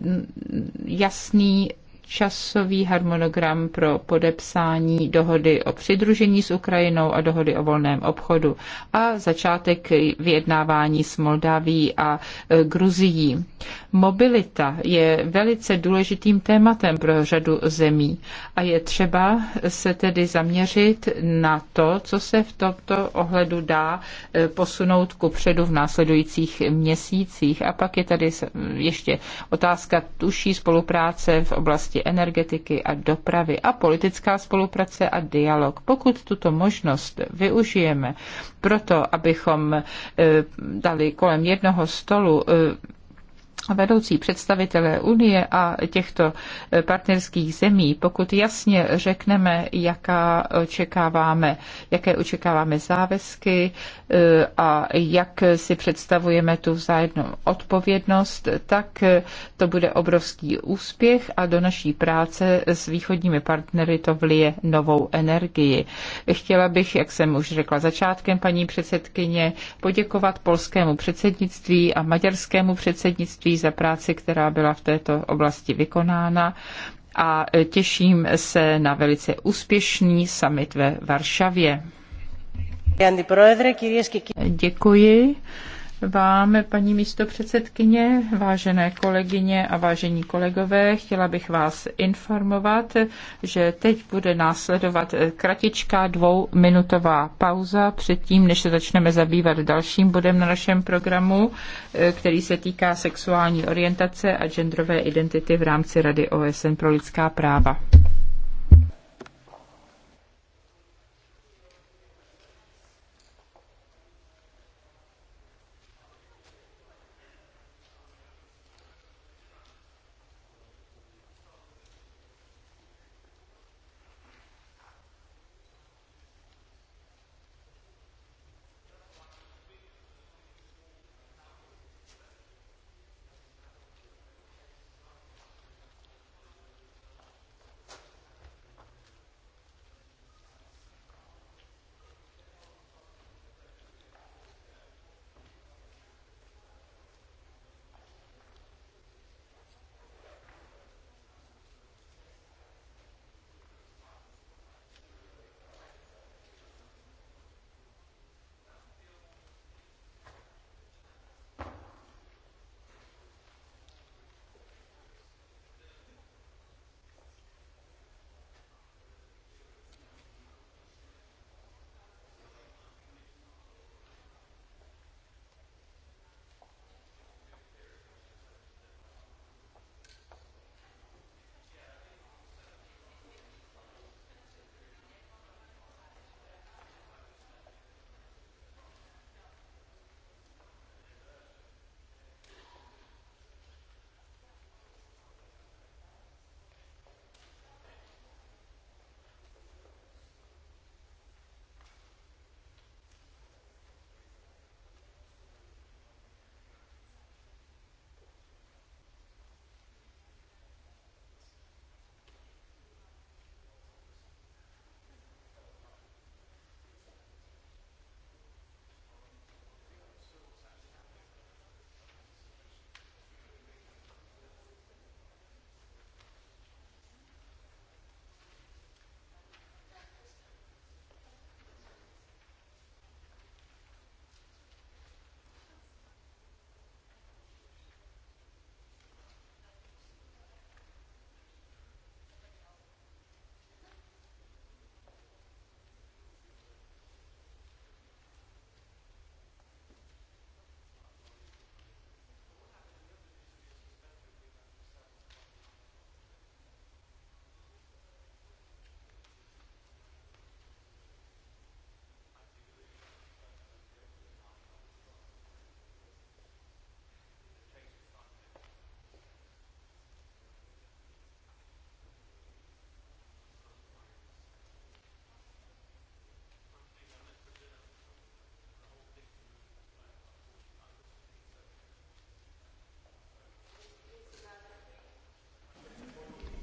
jasný časový harmonogram pro podepsání dohody o přidružení s Ukrajinou a dohody o volném obchodu a začátek vyjednávání s Moldaví a e, Gruzií. Mobilita je velice důležitým tématem pro řadu zemí a je třeba se tedy zaměřit na to, co se v tomto ohledu dá e, posunout ku předu v následujících měsících. A pak je tady ještě otázka tuší spolupráce v oblasti oblasti energetiky a dopravy a politická spolupráce a dialog. Pokud tuto možnost využijeme proto, abychom eh, dali kolem jednoho stolu eh, vedoucí představitelé Unie a těchto eh, partnerských zemí, pokud jasně řekneme, jaká očekáváme, jaké očekáváme závazky eh, a jak si představujeme tu vzájemnou odpovědnost, tak eh, to bude obrovský úspěch a do naší práce s východními partnery to vlije novou energii. Chtěla bych, jak jsem už řekla začátkem, paní předsedkyně, poděkovat polskému předsednictví a maďarskému předsednictví děkuji za práci, která byla v této oblasti vykonána a těším se na velice úspěšný summit ve Varšavě. Děkuji vám, paní místopředsedkyně, vážené kolegyně a vážení kolegové. Chtěla bych vás informovat, že teď bude následovat kratičká dvouminutová pauza předtím, než se začneme zabývat dalším bodem na našem programu, který se týká sexuální orientace a genderové identity v rámci Rady OSN pro lidská práva.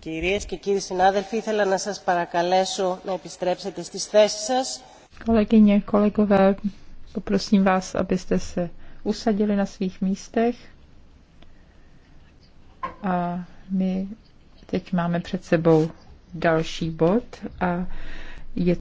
Κυρίες και κύριοι συνάδελφοι, ήθελα να σας παρακαλέσω να επιστρέψετε στις θέσεις σας. Kolegyně, kolegové, poprosím vás, abyste se usadili na svých místech. A my teď máme před sebou další bod a je